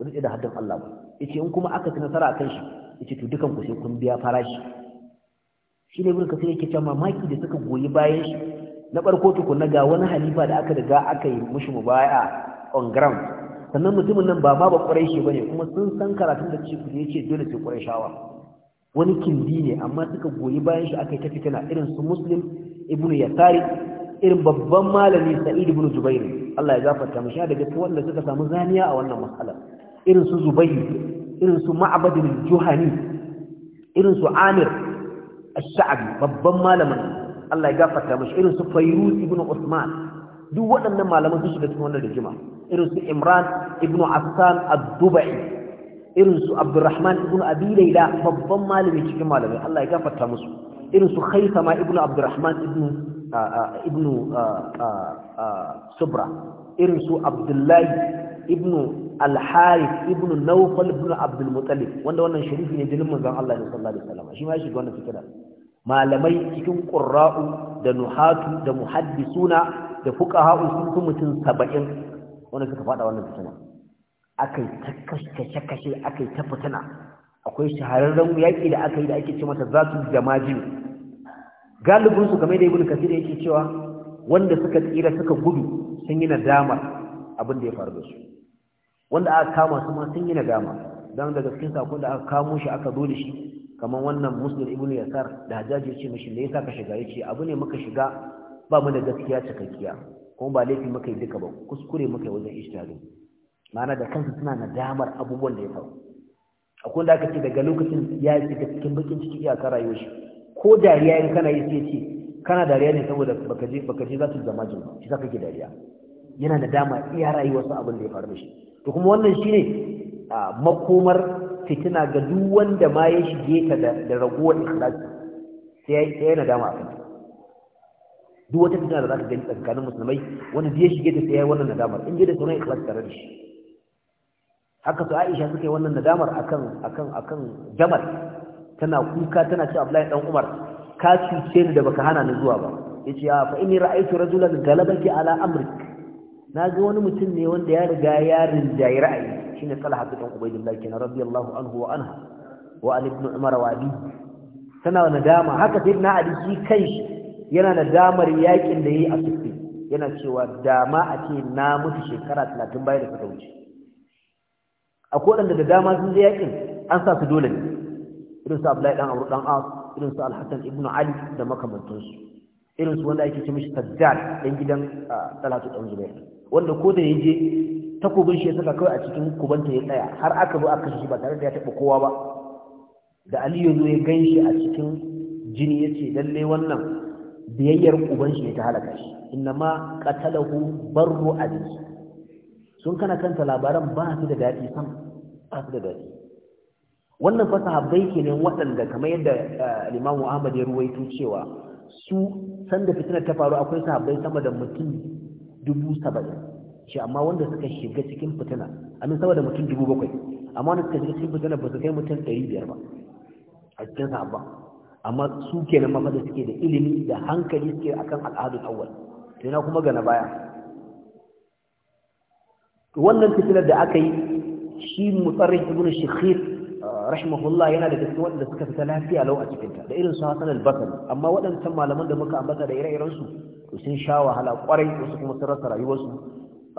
rike da haddan Allah ba yace in kuma aka ci nasara akan shi yace to dukan ku sai kun biya farashi shi ne burka sai yake cewa mamaki da suka goyi bayan shi na barko na ga wani halifa da aka riga aka yi mushi mubaya on ground sannan mutumin nan ba ma ba ƙwarai shi bane kuma sun san karatun da cikin ce dole sai ƙwarai shawa wani kindi ne amma suka goyi bayan shi aka yi ta fitina irin su muslim ibnu yasari irin babban malami sa'id ibnu zubair Allah ya gafarta mishi daga cikin wanda suka samu zaniya a wannan mas'ala irin su zubair irin su ma'bad al-juhani irin su amir ash-sha'bi babban malamin Allah ya gafarta mishi irin su fayruz ibnu usman duk waɗannan malaman su shiga cikin wannan rigima irin su imran Ibn affan ad-dubai irin su abdurrahman ibn Abilai da babban malami cikin malamai Allah ya gafarta musu irin su khaisama ibn abdurrahman ibn subra irin su abdullahi ibn al-harith ibn Naufal ibn abdul muttalib wanda wannan sharifi ne jinin manzon Allah ne sallallahu alaihi wasallam shi ma ya shiga wannan fikira malamai cikin qurra'u da nuhatu da muhaddisuna da fuqaha sun fi mutum 70 wanda suka fada wannan fitina aka yi ta kashe-kashe ta fitina akwai shahararren yaƙi da aka yi da ake ce masa za su jama jini galibinsu game da ibn kasir yake cewa wanda suka tsira suka gudu sun yi nadama abin da ya faru da su wanda aka kama su ma sun yi nadama dan daga cikin sakon da aka kamo shi aka zo da shi kamar wannan muslim ibn yasar da hajjaji ya ce ne da yasa ka shiga ya abu ne muka shiga ba mu da gaskiya cikakkiya kuma ba laifi muka yi duka ba kuskure muka yi wajen ishtihadin ma'ana da kansu suna nadamar abubuwan da ya faru akwai da aka ce daga lokacin ya yi daga cikin bakin ciki iyaka rayuwar shi ko dariya in kana yi sai ce kana dariya ne saboda baka je baka je za su zama jin shi shi ke dariya yana da dama iya rayuwarsa abin da ya faru da shi to kuma wannan shine makomar fitina ga duk wanda ma ya shige ta da ragowar ikhlasi sai ya yana dama a kanta duk wata fitina da za ka gani tsakanin musulmai wanda ya shige ta sai ya yi wannan nadamar in je da sauran ikhlasi tare da shi haka su Aisha suke wannan nadamar akan akan akan Jamal tana kuka tana ce Abdullahi dan Umar ka cuce ni da baka hana ni zuwa ba yace ya fa inni ra'aytu rajulan galabaki ala amrik naga wani mutum ne wanda ya riga ya rinjayi ra'ayi shine Talha bin Ubaydillah kenan radiyallahu anhu wa anha wa Ali ibn Umar wa Ali tana nadama haka na Ali shi kai yana nadamar yakin da yayi a Siffin yana cewa dama a ce na mutu shekara 30 bayan da suka wuce akwai waɗanda da dama sun je yakin an sa su dole ne irin su Abdullahi dan abu dan As irin su al ibn Ali da makamantansu irin su wanda ake ce mishi Saddad dan gidan Talatu dan Zubair wanda ko da yaje takobin shi ya saka kawai a cikin kubanta ya tsaya har aka zo aka shi ba tare da ya taba kowa ba da Ali ya ya ganshi a cikin jini yace lalle wannan biyayyar uban shi ta halaka shi inna ma qatalahu barru abisi sun kana kanta labaran ba su da daɗi sam ba su da daɗi wannan fa ke kenan waɗanda kamar yadda eh, Imam Ahmad ya ruwaito cewa su sanda fitinar ta faru akwai sahabbai sama da mutum dubu saba'in shi amma wanda suka shiga cikin fitina amin sama da mutum dubu bakwai amma wanda suka shiga cikin fitina ba su kai mutum ɗari biyar ba a cikin sahabba amma su kenan mafada suke da ilimi da hankali suke akan al'adun awwal sai na kuma ga na baya wannan fitilar da aka yi shi mutsarrin ibn shikhir rahimahullah yana da cikin wanda suka fita lafiya lau a ta. da irin su hasan al-basri amma waɗancan malaman da muka ambata da ire-iren su sun sha wahala kwarai wasu kuma sun rasa rayuwarsu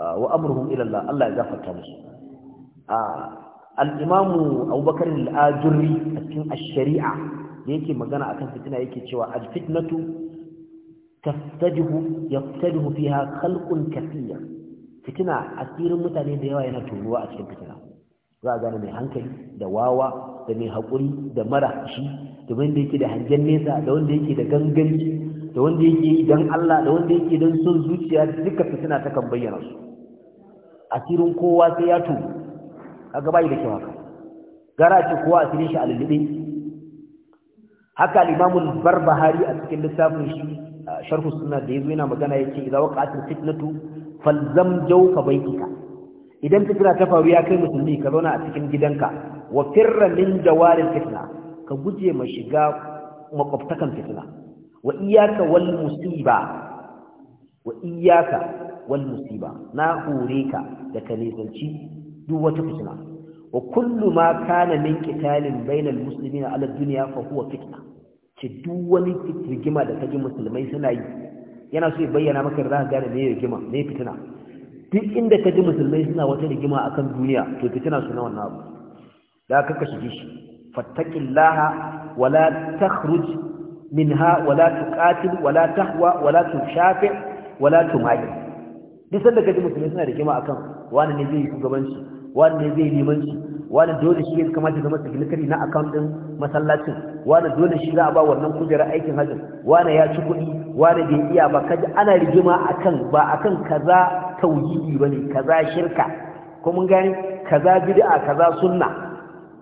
wa amruhum ila Allah Allah ya gafarta musu al-imamu Abubakar al-Ajurri a cikin ash-shari'a yake magana akan fitina yake cewa al-fitnatu taftajihu yaftajihu fiha khalqun kathir fitina asirin mutane da yawa yana turuwa a cikin fitina za a gane mai hankali da wawa da mai haƙuri da mara shi da wanda yake da hangen nesa da wanda yake da gangari, da wanda yake don Allah da wanda yake don son zuciya duka fitina ta kan bayyana su asirin kowa sai ya turu. kaga bai da kyau haka gara ce kowa asirin shi a lullube haka al-imamul barbahari a cikin littafin shi sharhu sunna da yazo yana magana yace idan waqa'at fitnatu falzam jawfa baitika idan fitna ta faru ya kai musulmi ka zauna a cikin gidanka wa firra min jawaril fitna ka guje ma shiga makwabtakan fitna wa iyyaka wal musiba wa iyyaka wal musiba na hore ka da ka nisanci duk wata fitna wa kullu ma kana min qitalin bainal muslimina ala dunya fa huwa fitna ce duk wani rigima da kaji musulmai suna yi yana so ya bayyana maka da za ka gane me rigima me fitina duk inda ka ji musulmai suna wata rigima akan duniya to fitina su na wannan abu da ka kashe shi Fattakillaha wala takhruj minha wala tuqatil wala tahwa wala tushafi wala tumaki duk sanda ka ji musulmai suna rigima akan wani ne zai yi shugabanci wani ne zai limanci wani dole shi ya kamata zama signatory na account din masallacin wani dole shi za a ba wannan kujerar aikin hajjin wani ya ci kuɗi wani bai iya ba kaji ana rigima akan ba akan kaza tauhidi bane kaza shirka ko mun gani kaza bid'a kaza sunna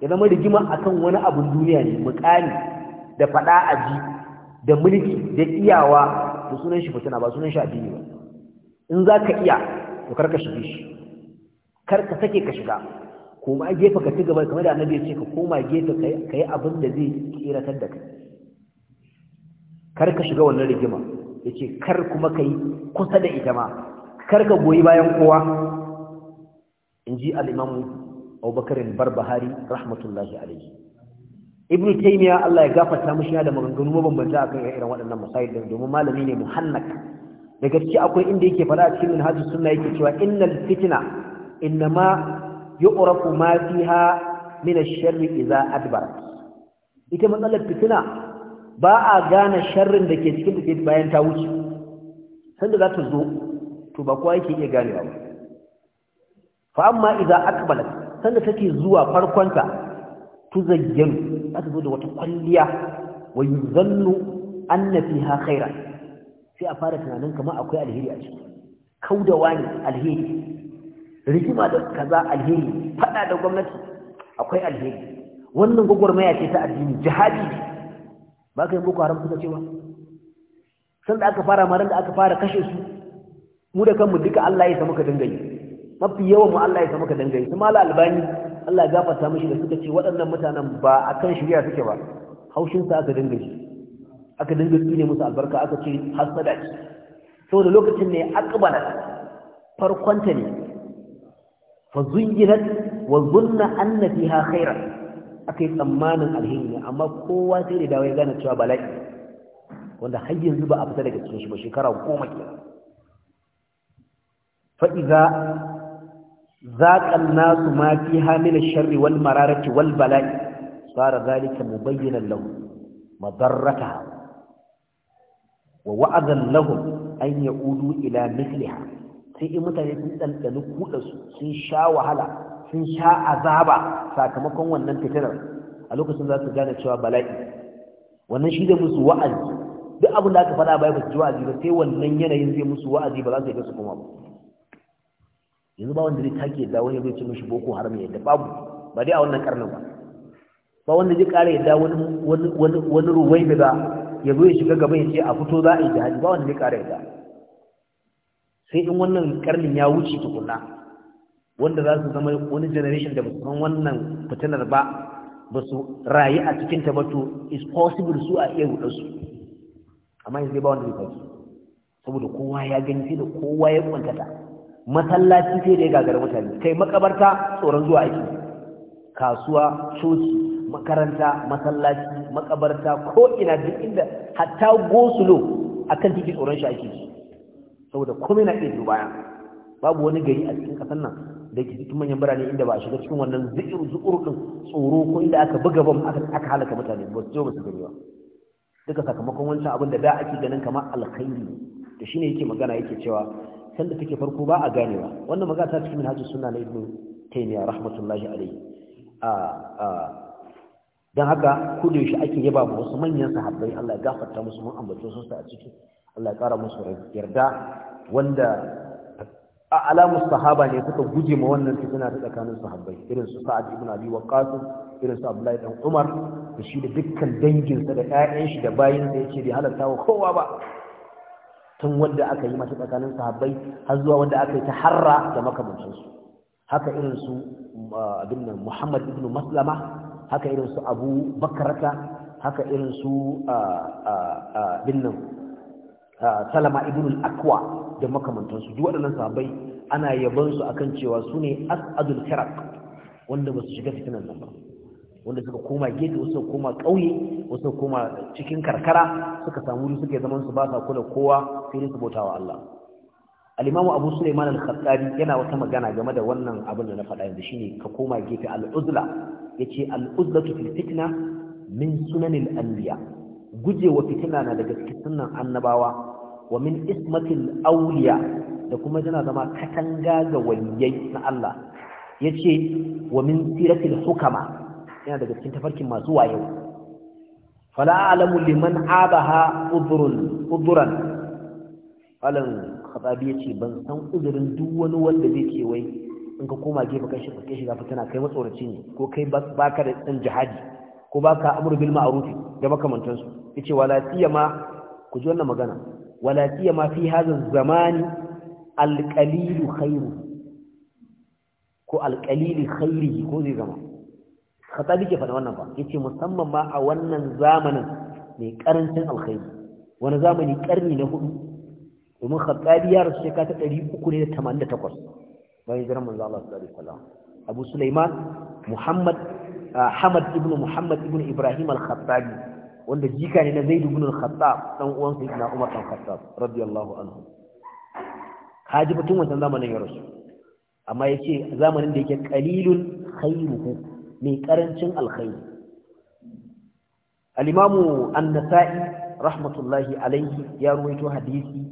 ya zama rigima akan wani abun duniya ne mukami da fada aji da mulki da iyawa da sunan shi fitina ba sunan shi addini ba in zaka iya to karka shige shi Kar ka sake ka shiga koma gefe ka ci gaba kamar da annabi ya ce ka koma gefe ka yi abin da zai tsiratar da kai kar ka shiga wannan rigima ya ce kar kuma ka yi kusa da ita ma kar ka goyi bayan kowa in ji al'imamu abubakarin barbahari rahmatullahi alaihi ibnu taymiya Allah ya gafarta mishi da maganganu mabambanta akan irin waɗannan masayil din domin malami ne muhannak daga gaske akwai inda yake fara a cikin minhajus sunna yake cewa innal fitna ma. yu'rafu ma fiha min ash-sharri idza adbar ita matsalar fitina ba a gane sharrin da ke cikin take bayan ta wuce sanda za ta zo to ba kowa yake iya ganewa ba fa amma idza aqbalat sanda take zuwa farkon farkonta tuzayyanu za ta zo da wata kwalliya wa yuzannu anna fiha khairan sai a fara tunanin kamar akwai alheri a ciki kaudawa ne alheri rigima da kaza alheri fada da gwamnati akwai alheri wannan gwagwarmaya ce ta addini jihadi ne ba ka yi boko haram kuka cewa San da aka fara maran da aka fara kashe su mu da kanmu duka Allah ya samu ka dangane mafi yawan mu Allah ya samu ka dangane su mala albani Allah ya gafarta mishi da suka ce waɗannan mutanen ba a kan shirya suke ba haushin sa aka dangane aka su ne musu albarka aka ce hasada ce saboda lokacin ne akbala farkonta ne fa zuyinat wa zunna anna khaira akai tsammanin alheri amma kowa sai da dawo ya gane cewa bala'i wanda har yanzu ba a fita daga cikin shi ba shekara goma kenan fa nasu ma fiha min ash-sharri wal mararati wal bala'i sara dhalika mubayyinan lahu madarrataha wa wa'adan lahum an ya'udu ila mithliha sai in mutane sun ɗanɗani kuɗa su sun sha wahala sun sha azaba sakamakon wannan fitinar a lokacin za su gane cewa bala'i wannan shi zai musu wa'azi duk abin da aka faɗa bai ba su ji wa'azi ba sai wannan yanayin zai musu wa'azi ba za su yi su kuma ba yanzu ba wanda zai take da wani zai ci mishi boko haram ya yadda babu ba dai a wannan karnin ba ba wanda zai ƙara yadda wani wani wani ruwai da ya zo ya shiga gaba ya ce a fito za a yi jihadi ba wanda zai ƙara yadda sai in wannan karnin ya wuce tukuna wanda za su zama wani generation da musamman wannan fitinar ba ba su rayu a cikin ta bato is possible su a iya rudar amma yanzu ba wanda zai faɗi saboda kowa ya gani sai da kowa ya kwantata masallaci sai da ya gagara mutane kai makabarta tsoron zuwa aiki kasuwa coci makaranta masallaci makabarta ko ina duk inda hatta gosulo akan titi tsoron shi ake saboda komai na iya baya babu wani gari a cikin ƙasar nan da ke cikin manyan birane inda ba a shiga cikin wannan zikir tsoro ko inda aka buga bam aka aka halaka mutane ba su ba su gani ba duka sakamakon wancan abin da da ake ganin kamar alkhairi to shine yake magana yake cewa sanda take farko ba a ganewa wannan magana ta cikin minhajus sunna na ibnu taymiya rahmatullahi alayhi a a don haka kudin shi ake yaba ma wasu manyan sahabbai Allah ya gafarta musu mun ambace su a cikin. Allah ya ƙara musu yarda wanda a alamus sahaba ne suka guje ma wannan fitina ta tsakanin sahabbai irin su Sa'ad ibn Abi Waqqas irin su Abdullahi dan Umar da shi da dukkan danginsa da ƴaƴan shi da bayin da yake bai halarta wa kowa ba tun wanda aka yi mata tsakanin sahabbai har zuwa wanda aka yi ta harra da su, haka irin su uh, abin nan Muhammad ibn Maslama haka irin su Abu Bakrata haka irin su uh, uh, abin nan Ah, salama ibnul akwa da makamantansu duk waɗannan sahabbai ana yaban su akan cewa su ne as'adul firaq wanda ba su shiga fitinan nan ba wanda suka koma gefe wasu koma ƙauye wasu koma cikin karkara suka samu wuri suka zaman su ba sa kula kowa sai su bautawa Allah al-imamu abu sulaiman al-khattabi yana wata magana game da wannan abin da na faɗa yanzu shine ka koma gefe al-uzla yace al-uzlatu fil fitna min sunanil anbiya Guje wa fitina na daga cikin sunan annabawa wa min ismatil awliya da kuma yana zama katanga ga waliyai na Allah yace wa min siratil hukama yana daga cikin tafarkin masu wayo fala alamu liman abaha udhrun udran alan khatabi yace ban san uzurin duk wani wanda zai ce wai in ka koma gefe kan shi shi shiga fitina kai matsoraci ne ko kai ba ka da dan jihadi ko ba baka amru bil ma'ruf da makamantan Ya ce wala siyama ku ji wannan magana wala siyama fi haza zamani al qalilu khairu ko alƙalili qalili khairihi ko zai zama khatabi ke faɗa wannan ba ce musamman ma a wannan zamanin mai karancin alkhairi wani zamani karni na hudu domin khatabi ya rasu shekara ta takwas. bayan jiran manzo Allah sallallahu alaihi wasallam Abu Sulaiman Muhammad Hamad ibn Muhammad ibn Ibrahim al-Khattabi wanda jika ne na Zaid ibn al-Khattab dan uwan Sayyidina Umar ibn Khattab radiyallahu anhu haji mutum wannan zamanin ya rasu amma yace zamanin da yake qalilun khairuhu mai karancin alkhairi al-Imam an-Nasa'i rahmatullahi alayhi ya ruwaito hadisi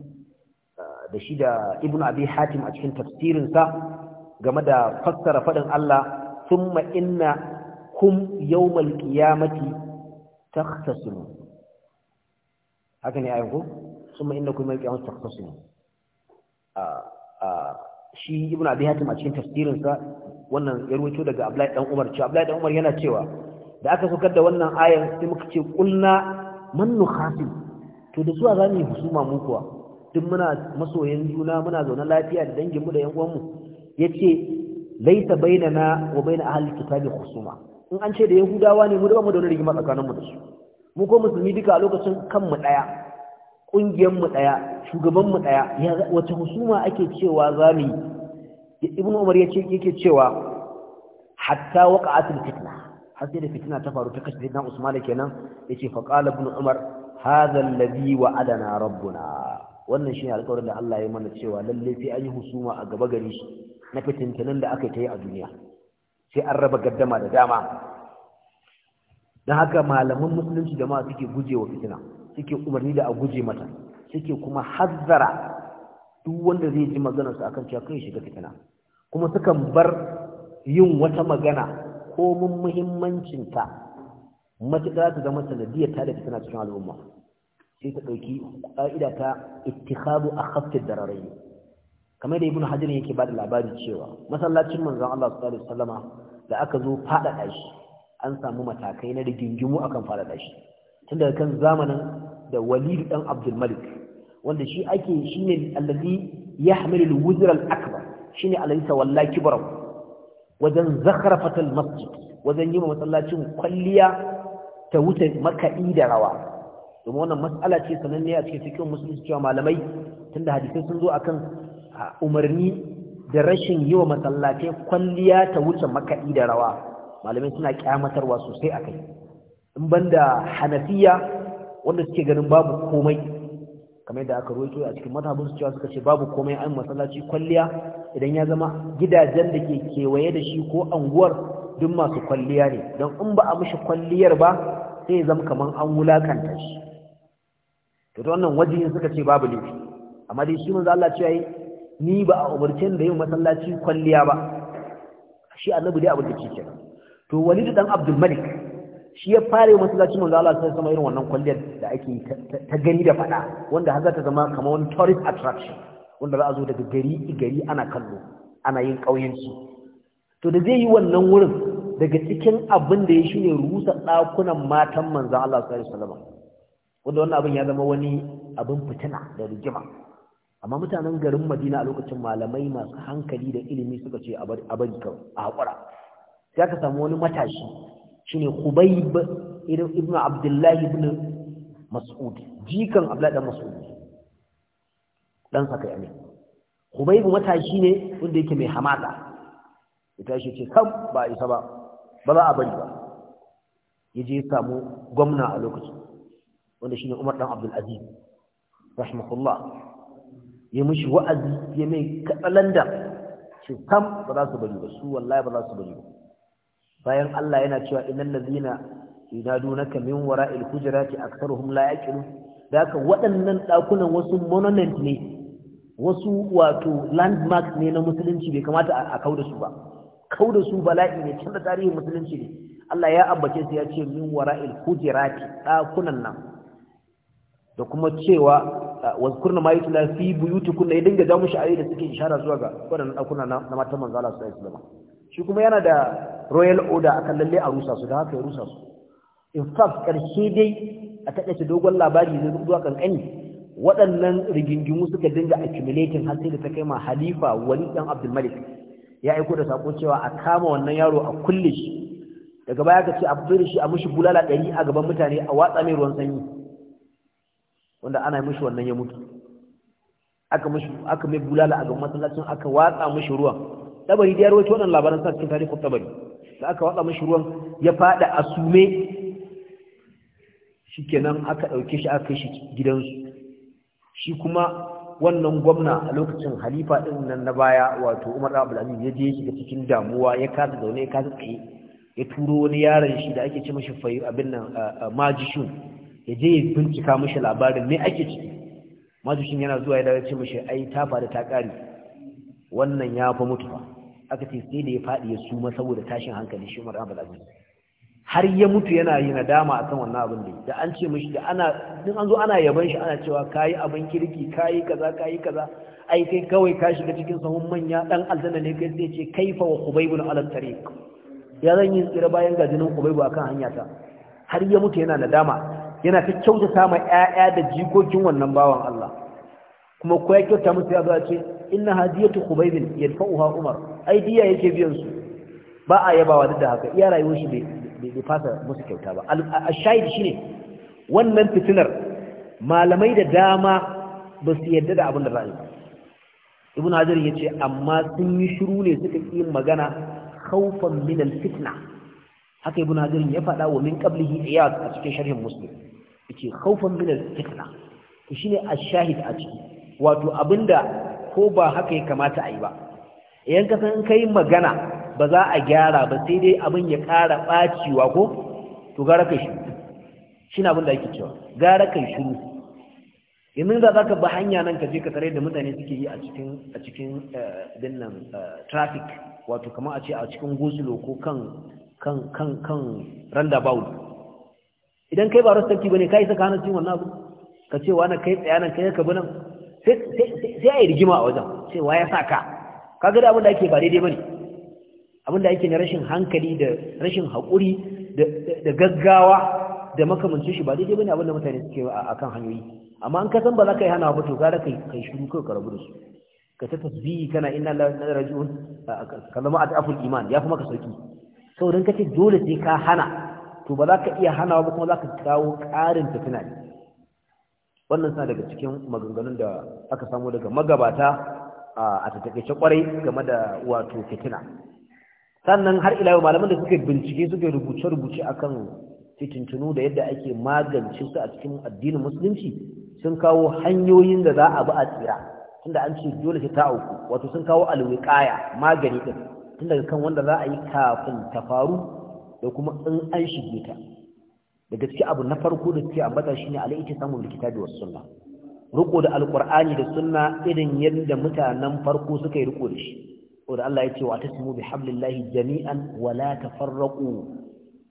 da shi da Ibn Abi Hatim a cikin tafsirinsa game da fassara fadin Allah thumma inna hum yawmal qiyamati takhtasimu haka ne ayyuko kuma innakum yawmal qiyamati takhtasimu a a shi ibnu abi hatim a cikin tafsirin sa wannan ya ruwato daga abdullahi dan umar cewa abdullahi dan umar yana cewa da aka saukar da wannan ayar sai muka ce kunna man nukhasim to da zuwa zamu yi husuma mu kuwa duk muna masoyan juna muna zaune lafiya da dangin mu da yan uwan mu yace laysa bainana wa bain ahli kitabi khusuma in an ce da yahudawa ne mu da mu da wani rigima tsakaninmu da su mu ko musulmi duka a lokacin mu ɗaya ƙungiyarmu ɗaya shugabanmu ɗaya wace husuma ake cewa za mu yi ibn umar ya ce yake cewa hatta waqa'atul fitna har sai da fitina ta faru ta kashe sayyidina usman kenan yace fa qala ibn umar hadha alladhi wa'adana rabbuna wannan ne alƙawarin da Allah ya mana cewa lalle sai an yi husuma a gaba gari na fitintunan da aka yi a duniya sai an raba gaddama da dama don haka malaman musulunci da ma suke guje wa fitina suke umarni da a guje mata suke kuma hazzara duk wanda zai ji maganarsu akan cewa kai shiga fitina kuma sukan bar yin wata magana ko muhimmancinta matuƙa ta zama sanadiyar ta da fitina cikin al'umma sai ta ɗauki ƙa'ida ta ittikhadu a haftar dararai kamar da ibn hajar yake bada labari cewa masallacin manzon Allah sallallahu alaihi wasallama da aka zo fada shi an samu matakai na rigingimu akan fada shi tun daga kan zamanin da Walid dan Abdul Malik wanda shi ake shine allazi yahmilu al-wuzr al-akbar shine alaysa wallahi kibra wajen zakhrafat al-masjid wajen yi masallacin kwalliya ta wuce makaɗi da rawa domin wannan mas'ala ce sananne a cikin cikin musulunci cewa malamai tunda hadisai sun zo akan a umarni da rashin yi wa masallatai kwalliya ta wuce makaɗi da rawa malamai suna kyamatarwa sosai a kai in banda hanafiya wanda suke ganin babu komai kamar da aka roƙo a cikin matabin su cewa suka ce babu komai an masallaci kwalliya idan ya zama gidajen da ke kewaye da shi ko anguwar duk masu kwalliya ne don in ba a mishi kwalliyar ba sai zama kamar an wulakanta shi to wannan wajen suka ce babu laifi amma dai shi za Allah cewa ni ba a umarce da yin masallaci kwalliya ba shi annabi dai abin da ke kenan to walid dan abdul malik shi ya fara yin masallaci manzo Allah sai sama irin wannan kwalliyar da ake ta gani da fada wanda har za ta zama kamar wani tourist attraction wanda za a zo daga gari gari ana kallo ana yin kauyenci to da zai yi wannan wurin daga cikin abin da ya shine rusa dakunan matan manzo Allah sai sallama wanda wannan abin ya zama wani abin fitina da rigima amma mutanen garin madina a lokacin malamai masu hankali da ilimi suka ce a bari a haƙura sai aka samu wani matashi shine hubaib ibn abdullahi ibn mas'ud jikan abdullahi mas'udi mas'ud saka yane hubaib matashi ne wanda yake mai hamada ita shi ce kam ba isa ba ba za a bari ba ya ya samu gwamna a lokacin wanda shi ne Umar dan abdullazi rahimahullah ya mishi wa'azi ya mai katsalanda shi kam ba za su bari ba su wallahi ba za su bari ba bayan Allah yana cewa innal ladina yunadunaka min wara'il hujurati aktharuhum la da daka waɗannan ɗakunan wasu monument ne wasu wato landmark ne na musulunci bai kamata a kauda su ba kauda su bala'i ne canza tarihin musulunci ne Allah ya ambace su ya ce min wara'il hujurati ɗakunan nan da kuma cewa wazkurna ma yutla fi buyutikunna ya dinga jamu shi ayoyi da suke ishara zuwa ga wadannan dakuna na matan manzo Allah sallallahu alaihi wasallam shi kuma yana da royal order akan lalle a rusa su da haka ya rusa su in fact karshe dai a takaice dogon labari ne zuwa kankani waɗannan rigingimu suka dinga accumulating har sai da ta kai ma halifa wani dan Abdul Malik ya aiko da sako cewa a kama wannan yaro a kulle shi daga baya ka ce a bari shi a mushi bulala ɗari a gaban mutane a watsa mai ruwan sanyi wanda ana mishi wannan ya mutu aka mishi aka mai bulala a ga masallacin aka watsa mishi ruwan tabari da yarwaci wannan labaran sa cikin ko tabari da aka watsa mishi ruwan ya fada a sume shikenan aka dauke shi aka kai shi gidansu shi kuma wannan gwamna a lokacin halifa din nan na baya wato Umar Abdul Aziz ya je shi cikin damuwa ya kasa zaune ya kasa tsaye ya turo wani yaron shi da ake ce mishi fayu abin nan eh, eh, majishun ya je ya bincika mashi labarin me ake ciki matashin yana zuwa ya dace mashi ai ta faru ta ƙari. wannan ya fa mutu ba aka ce sai da ya faɗi ya suma saboda tashin hankali shi mara Abdul Aziz har ya mutu yana yi a kan wannan abin da da an ce mashi da ana din an zo ana yaban shi ana cewa kayi abin kirki kayi kaza kayi kaza ai kai kawai ka shiga cikin sahun manya dan aljanna ne kai sai ce kaifa wa khubaybun ala tariq ya zan yi tsira bayan gajinin khubaybu akan hanya ta har ya mutu yana nadama yana ta kyautata ma ƴaƴa da jikokin wannan bawan Allah kuma ko ya kyauta musu ya zuwa ce inna hadiyatu khubaybin yadfa'uha umar ai diya yake biyan su ba a yabawa duk da haka iya rayuwar shi bai fasa musu kyauta ba al shine wannan fitinar malamai da dama ba su yarda da abin da ba. ibn hajar ce amma sun yi shiru ne suka yi magana khawfan min al-fitna haka ibn hajar ya faɗa wa min qablihi iyad a cikin sharhin muslim yake khaufan min al-fitna to shine ash-shahid a ciki wato abinda ko ba haka ya kamata a yi ba idan ka san kai magana ba za a gyara ba sai dai abin ya kara bacewa ko to gara kai shi shine abin da cewa gara kai shiru yanzu da zaka ba hanya nan ka je ka tare da mutane suke yi a cikin a cikin dinnan eh, eh, traffic wato kamar a ce a cikin gosulo ko kan kan kan kan roundabout idan kai ba rastanki bane kai saka hannun cikin wannan abu ka ce wani kai tsayanan kai ka bunan sai a yi rigima a wajen sai wa ya sa ka kaga da abin da ake ba daidai bane abin da ake na rashin hankali da rashin haƙuri da gaggawa da makamancin shi ba daidai bane abin da mutane suke a kan hanyoyi amma an kasan ba za ka yi hana ba to gara kai kai shiru kai ka rabu da su ka ta tasbihi kana inna lillahi wa inna ilaihi raji'un kalama iman ya fi maka sauki saboda kace dole sai ka hana to ba za ka iya hanawa ba kuma za ka kawo ƙarin fitina ne wannan suna daga cikin maganganun da aka samu daga magabata a tattakaice kwarai game da wato fitina sannan har ila malaman da suke bincike suke rubuce-rubuce akan fitintunu da yadda ake magance su a cikin addinin musulunci sun kawo hanyoyin da za a bi a tsira tunda an ce dole ta auku wato sun kawo alwiqaya magani din tun daga kan wanda za a yi kafin ta faru da kuma in an shige ta da gaske abu na farko da suke ambata shine ta samun likitabi was sunna riko da alqur'ani da sunna irin yadda mutanen farko suka yi riko da shi wanda Allah ya ce wa tasmu bi hablillahi jami'an wa la tafarraqu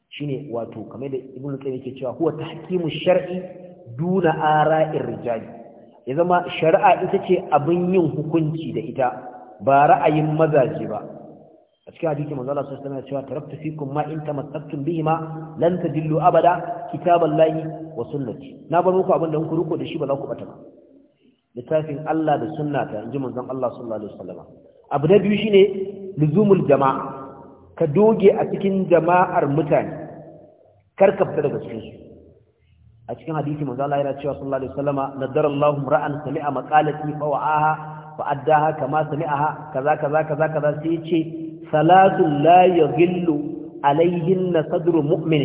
shine wato kamar da ibnu qayyim yake cewa huwa tahkimu shar'i duna ara rijal ya zama shari'a ita ce abin yin hukunci da ita ba ra'ayin mazaje ba a cikin hadisi manzo Allah sallallahu alaihi wasallam cewa taraktu fikum ma in tamassaktum bihi ma lan tadillu abada kitaballahi wa sunnati na bar muku abin da kuka ruko da shi ba za ku bata ba littafin Allah da sunnata inji manzon Allah sallallahu alaihi wasallam abu na biyu shine luzumul jama'a ka doge a cikin jama'ar mutane kar ka fita daga cikin su a cikin hadisi manzo Allah yana cewa sallallahu alaihi wasallama nadara Allahu ra'an sami'a maqalati fa wa'aha fa addaha kama sami'aha kaza kaza kaza kaza sai ya ce salatun la yaghillu na sadru mu'min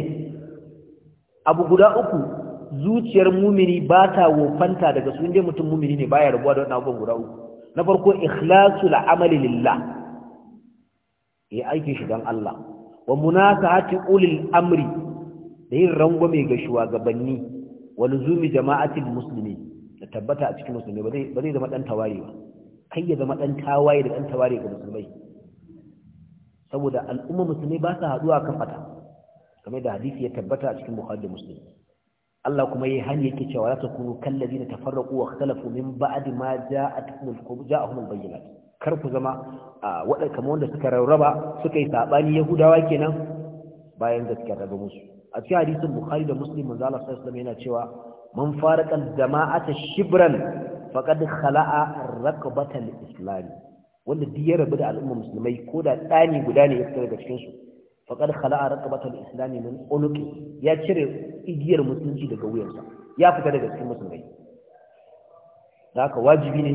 abu guda uku zuciyar mumini ba ta wofanta daga su je mutum mumini ne baya rabuwa da wannan guda uku na farko ikhlasu amali lillah ya aiki shi dan Allah wa munasahati ulil amri da yin rangwame ga shugabanni wa luzumi jama'atil muslimin da tabbata a cikin musulmi ba zai zama dan tawaye ba kai ya zama dan tawaye da dan tawaye ga musulmai saboda al'umma musulmi ba su haduwa kan fata kamar da hadisi ya tabbata a cikin bukhari da muslim Allah kuma yayi hani yake cewa la takunu kal ladina tafarraqu wa ikhtalafu min ba'di ma ja'atuhum ja'ahum bayyinat kar ku zama waɗanda kamar wanda suka rarraba suka yi sabani yahudawa kenan bayan gaskiya daga musu a cikin hadisin bukhari da muslim manzo Allah sallallahu alaihi wasallam yana cewa man farqa al-jama'ata shibran faqad khala'a ar islami wanda duk ya rabu da al'umma musulmai ko da ɗani guda ne ya fita daga cikin su faqad khala'a al islami min unuqi ya cire igiyar musulunci daga wuyansa ya fita daga cikin musulmai da haka wajibi ne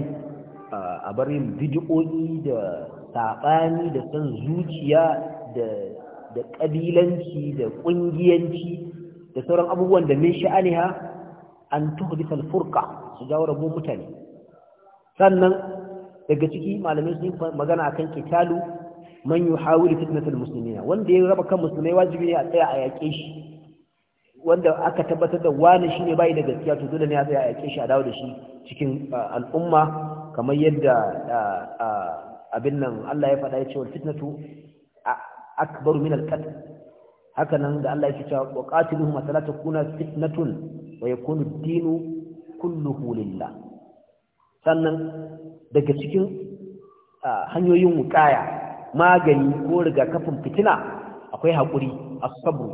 a bar yin bid'o'i da saɓani da san zuciya da da ƙabilanci da ƙungiyanci da sauran abubuwan da min sha'aniha an al furqa su jawo rabo mutane sannan daga ciki malamai sun magana akan kitalu man yuhawilu fitnatul muslimina wanda ya raba kan musulmai wajibi ne a tsaya a yaƙe shi wanda aka tabbatar da wani shine bai da gaskiya to dole ne a tsaya a yaƙe shi a dawo da shi cikin al'umma kamar yadda abin nan Allah ya faɗa ya ce fitnatu akbaru min al-qatl haka nan da Allah ya ce wa qatiluhum hatta takuna fitnatun wa yakunu ad-dinu kulluhu lillah sannan daga cikin hanyoyin wukaya magani ko rigakafin fitina akwai haƙuri asabru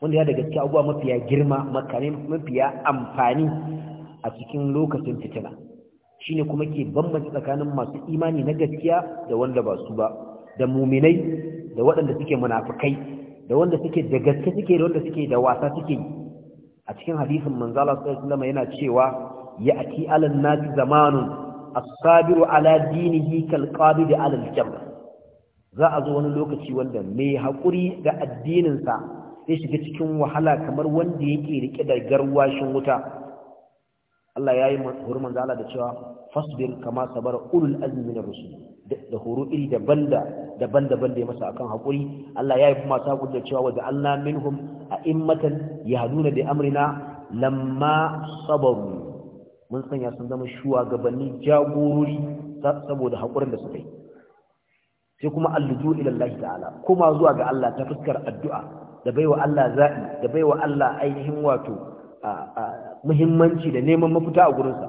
wanda ya daga cikin abubuwa mafiya girma makamai mafiya amfani a cikin lokacin fitina shine kuma ke bambanta tsakanin masu imani na gaskiya da wanda ba su ba da muminai da waɗanda suke munafikai da wanda suke da gaske suke da wanda suke da wasa suke a cikin hadisin manzala sallallahu alaihi yana cewa ya'ti ala an-nas zamanun as-sabiru ala dinihi kal qabid ala al-jamr za a zo wani lokaci wanda mai hakuri ga addinin sa sai shiga cikin wahala kamar wanda yake rike da garwashin wuta Allah ya yi hurman da cewa fasbir kama sabara ulul azmi minar rusul da horo iri daban da daban da ya masa akan hakuri Allah ya yi kuma sa da cewa wa ja'alna minhum a'immatan yahduna bi amrina lamma sabaru mun sanya sun zama shugabanni jagorori saboda haƙurin da suka yi sai kuma alluju ilallahi ta'ala kuma zuwa ga Allah ta fuskar addu'a da baiwa Allah za'i da baiwa Allah ainihin wato muhimmanci da neman mafita a gurinsa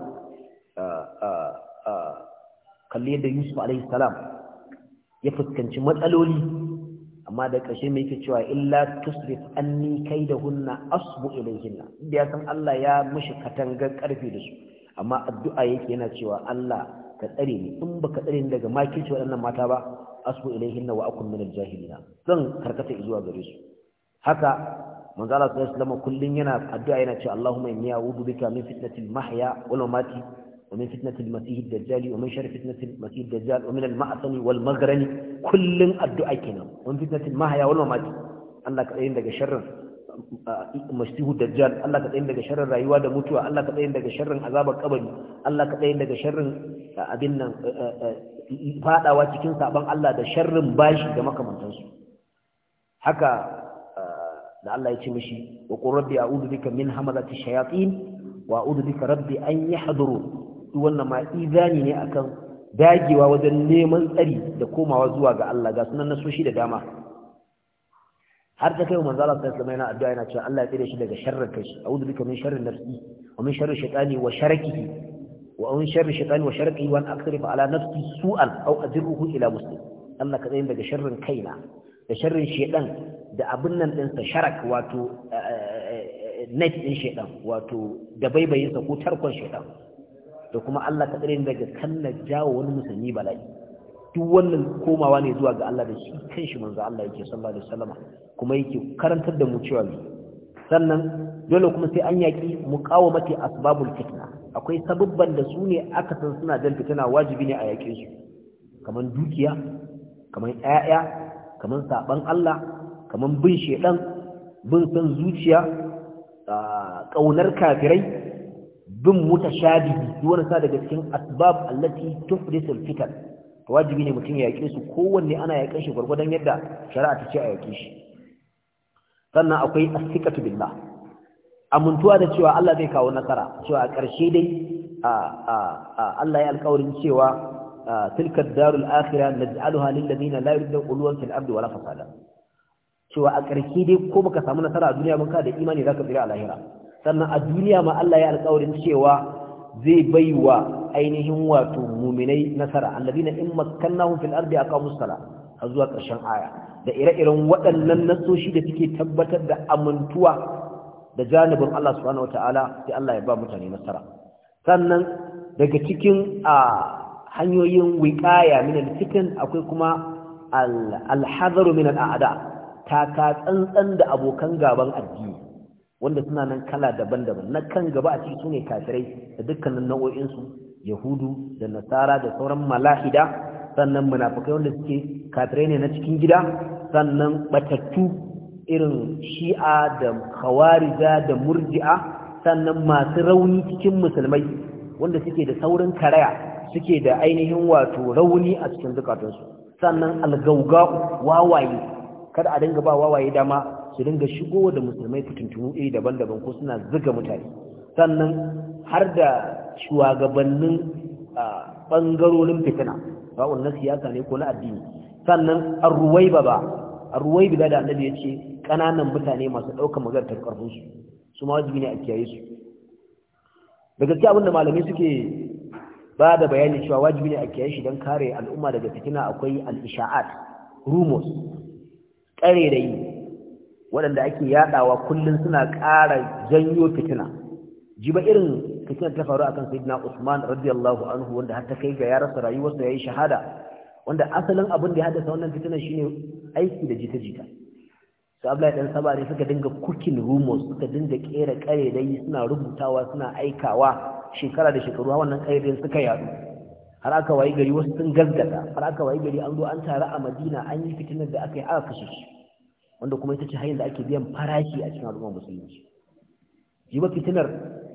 kalli yadda Yusuf alaihi salam ya fuskanci matsaloli amma da ƙashe mai yake cewa illa tusrif anni kai da hunna asbu ilayhinna Inda ya san Allah ya mishi katangar ƙarfi da su amma addu'a yake yana cewa Allah ka tsare ni in baka tsare ni daga makirci waɗannan mata ba asbu ilayhinna wa akun min aljahilina zan karkata zuwa gare su haka manzo Allah sallallahu alaihi wasallam kullun yana addu'a yana cewa Allahumma inni a'udhu bika min fitnatil mahya wal mamati ومن فتنة المسيح الدجال ومن شر فتنة المسيح الدجال ومن المعصم والمغرن كل الدعاء كنا ومن فتنة المهيا والممات الله كأين لك شر مسيح الدجال الله كأين لك شر رأيوا دموتوا الله كأين لك شر عذاب القبر الله كأين لك شر أبنى فاتا واتكين سعبان الله ده شر باش ده مكة من تنسو حكا ده الله يتمشي وقل ربي أعوذ بك من همذة الشياطين وأعوذ بك ربي أن يحضروا wannan ma izani ne akan dagewa wajen neman tsari da komawa zuwa ga Allah ga sunan nasoshi da dama har ta kai manzo Allah sallallahu alaihi addu'a yana cewa Allah ya tsare shi daga sharrin kai a'udhu bika min sharri nafsi wa min sharri shaytani wa sharakihi wa min sharri shaytani wa sharakihi wa an aktharifa ala nafsi su'an aw ajruhu ila muslim Allah ka tsare daga sharrin kaina da sharrin shaytan da abin nan ɗinsa sharak wato eh, eh, eh, net ɗin shaidan wato da sa ko tarkon shaidan da kuma Allah ta tsare daga kanna jawo wani musulmi bala'i duk wannan komawa ne zuwa ga Allah da shi kan shi manzo Allah yake sallallahu alaihi wasallama kuma yake karantar da mu cewa sannan dole kuma sai an yaki muqawamati asbabul fitna akwai sababban da su ne aka san suna jan fitna wajibi ne a yake su kaman dukiya kaman 'ya'ya, kaman saban Allah kaman bin shedan bin san zuciya kaunar ah, kafirai bin mutashabihi duk wani sa daga cikin asbab allati tufrisul fitan wajibi ne mutum ya yake su kowanne ana yakan shi gwargwadon yadda shari'a ta ce a yake shi sannan akwai as-sikatu billah amintuwa da cewa Allah zai kawo nasara cewa a ƙarshe dai Allah ya alƙawarin cewa tilka darul akhirah naj'aluha lil ladina la yuridun quluwan fil ardi wala fasada cewa a ƙarshe dai ko baka samu nasara a duniya mun ka da imani zaka tsira a lahira sannan a duniya ma Allah ya alƙawarin cewa zai bai wa ainihin wato muminai nasara na in makkannahum fil ardi aqamus sala har zuwa ƙarshen aya da ire-iren waɗannan nasoshi da suke tabbatar da amintuwa da janibin Allah subhanahu wataala sai Allah ya ba mutane nasara sannan daga cikin a hanyoyin wiqaya min al-fitan akwai kuma al-hadaru min al-a'da ta ka tsantsan da abokan gaban addini wanda suna nan kala daban-daban na kan gaba a ciki su ne kafirai da dukkanin nau'o'insu yahudu da nasara da sauran mala'ida sannan munafukai wanda suke kafirai ne na cikin gida sannan batattu irin shi'a da khawarija da murji'a sannan masu rauni cikin musulmai wanda suke da saurin karaya suke da ainihin wato rauni a cikin zukatunsu sannan algauga wawaye kada a dinga ba wawaye dama su dinga shigo da musulmai fitintunu iri daban-daban ko suna zuga mutane sannan har da shugabannin ɓangarorin fitina ba na siyasa ne ko na addini sannan arruwai ba ba arruwai da annabi ya ce ƙananan mutane masu ɗaukar magartar ƙarfinsu su ma wajibi ne a kiyaye su da gaske abinda malamai suke ba da bayani cewa wajibi ne a kiyaye shi don kare al'umma daga fitina akwai al'isha'at rumors yi. waɗanda ake yaɗawa kullum suna ƙara janyo fitina ji ba irin fitinar ta faru akan sayyidina Usman radiyallahu anhu wanda har ta kai ga ya rasa rayuwarsa yayi shahada wanda asalin abin da ya haddasa wannan fitina shine aiki da jita-jita su Abdullahi dan Saba ne suka dinga cooking rumors suka dinga kera karerai suna rubutawa suna aikawa shekara da shekaru wannan karerai suka yaɗu har aka wayi gari wasu sun gaggada har aka wayi gari an zo an tare a madina an yi fitinar da aka yi aka kashe shi wanda kuma ita ce hanyar da ake biyan farashi a cikin al'ummar musulunci ji fitinar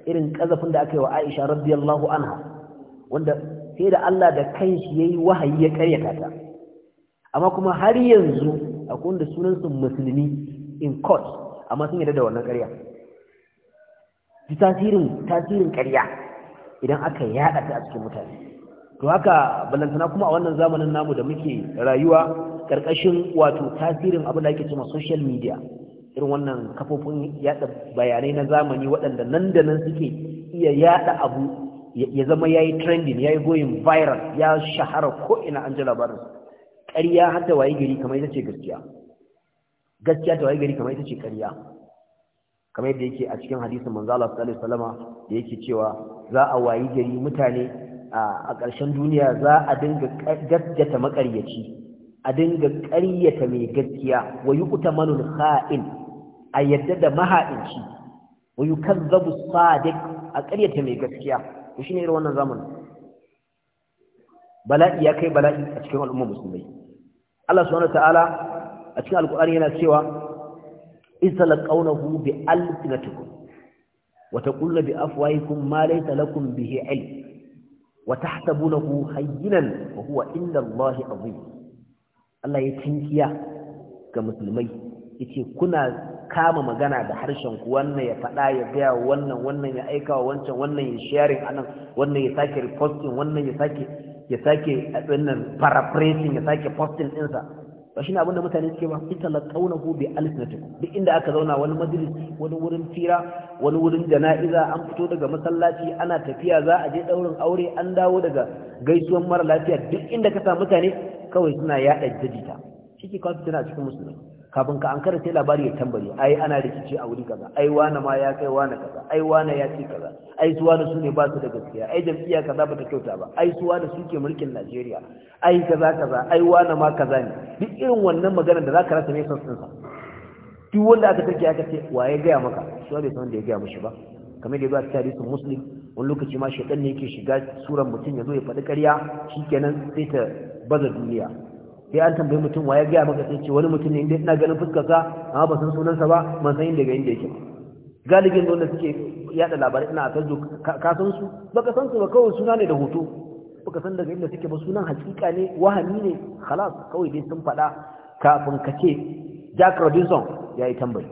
irin kazafin da aka yi wa Aisha radiyallahu anha wanda sai da Allah da kanshi yayi wahayi ya karyata ta amma kuma har yanzu akwai wanda sunan su musulmi in court amma sun yarda da wannan ƙarya ji tasirin tasirin karya idan aka yaɗa ta a cikin mutane to haka balantana kuma a wannan zamanin namu da muke rayuwa Ƙarƙashin wato tasirin abin da ake cewa social media irin wannan kafofin yaɗa bayanai na zamani waɗanda nan da nan suke iya yada abu ya zama yayi trending yayi going viral ya shahara ko ina an ji labarin ƙarya har waye gari kamar ita ce gaskiya gaskiya ta waye gari kamar ita ce ƙarya kamar yadda yake a cikin hadisin manzo Allah sallallahu alaihi da yake cewa za a wayi gari mutane a ƙarshen duniya za a dinga gaskata maƙaryaci a dinga ƙaryata mai gaskiya wa yu'tamanul kha'in a yadda da maha'inci wa zabu sadiq a ƙaryata mai gaskiya to shine irin wannan zamanin bala'i ya kai bala'i a cikin al'umma musulmai Allah subhanahu ta'ala a cikin alƙur'ani yana cewa izalqawnahu bi alsinatikum wa taqullu bi kun ma laysa lakum bihi ilm wa tahsabunahu hayyinan wa huwa inda Allah azim Allah ya tinkiya ga musulmai yace kuna kama magana da harshen ku wannan ya faɗa ya gaya wannan wannan ya aika wa wancan wannan ya sharing anan wannan ya sake reposting wannan ya sake ya sake wannan paraphrasing ya sake posting ɗinsa ba shi ne abinda mutane suke ba ita la kaunahu bi alsinatikum duk inda aka zauna wani majalis wani wurin fira wani wurin jana'iza an fito daga masallaci ana tafiya za a je daurin aure an dawo daga gaisuwan mara lafiya duk inda ka sa mutane kawai suna yaɗa jajita ciki kawai suna cikin musulmi kafin ka an kara sai labari ya tambari ai ana rikici a wuri kaza ai wani ma ya kai wani kaza ai wani ya ce kaza ai su wani su ne ba su da gaskiya ai jam'iyya kaza ba ta kyauta ba ai su wani su ke mulkin najeriya ai kaza kaza ai wani ma kaza ne duk irin wannan magana da za ka rasa ne sassansa duk wanda aka tarki aka ce wa ya gaya maka su bai san da ya gaya mushi ba kamar da ya ba tarihin musulmi wani lokaci ma shaitan ne yake shiga suran mutum ya zo ya faɗi ƙarya kenan sai ta baza duniya sai an tambayi mutum wa ya gaya maka sai ce wani mutum ne inda ina ganin fuskarsa amma ba san sunansa ba man san inda ga inda yake galibin wanda suke yada labarai ina a facebook ka san su baka san su ba kawai suna ne da hoto baka san daga inda suke ba sunan hakika ne wahami ne khalas kawai dai sun faɗa kafin ka ce jack robinson ya yi tambayi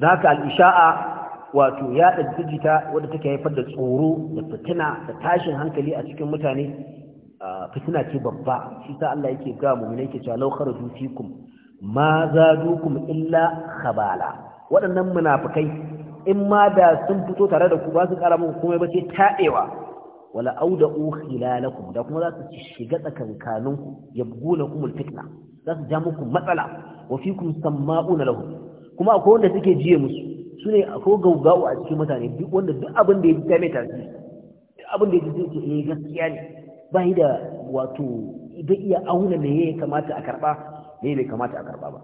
da haka al'isha'a wato yaɗa digita wadda take haifar da tsoro da fitina da tashin hankali a cikin mutane fitina ce babba shi Allah yake ga mu'minai yake cewa law kharaju fikum ma zadukum illa khabala waɗannan munafikai in ma da sun fito tare da ku ba su ƙara muku komai ba ce taɗewa wala auda'u khilalakum da kuma za su shiga tsakankaninku yabguna kumul fitna za su ja muku matsala wa fikum samma'una lahum kuma akwai wanda suke jiye musu su ne akwai gaugawa a cikin mutane duk wanda duk abin da ya ji ta mai abin da ya ji zai ce eh gaskiya ne ba yi da wato da iya auna me ya kamata a karba me bai kamata a karba ba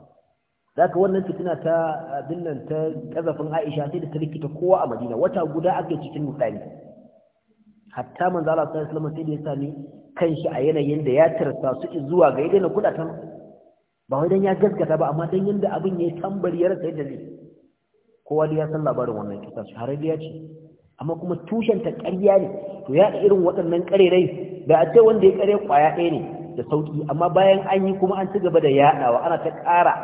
zaka wannan fitina ta abin nan ta kazafin Aisha sai da ta rikita kowa a Madina wata guda ake cikin mutane hatta manzo Allah sallallahu alaihi wasallam sai da ya sami kanshi a yanayin da ya tarsa su zuwa ga yadda na kudatan ba wai dan ya gaskata ba amma dan yanda abin yayi tambari ya rasa yadda ne kowa da ya san labarin wannan kisa ya ce amma kuma tushen ta ƙarya ne to ya irin waɗannan ƙarerai da a ce wanda ya ƙare ƙwaya ɗaya ne da sauki amma bayan an yi kuma an ci gaba da yaɗawa ana ta ƙara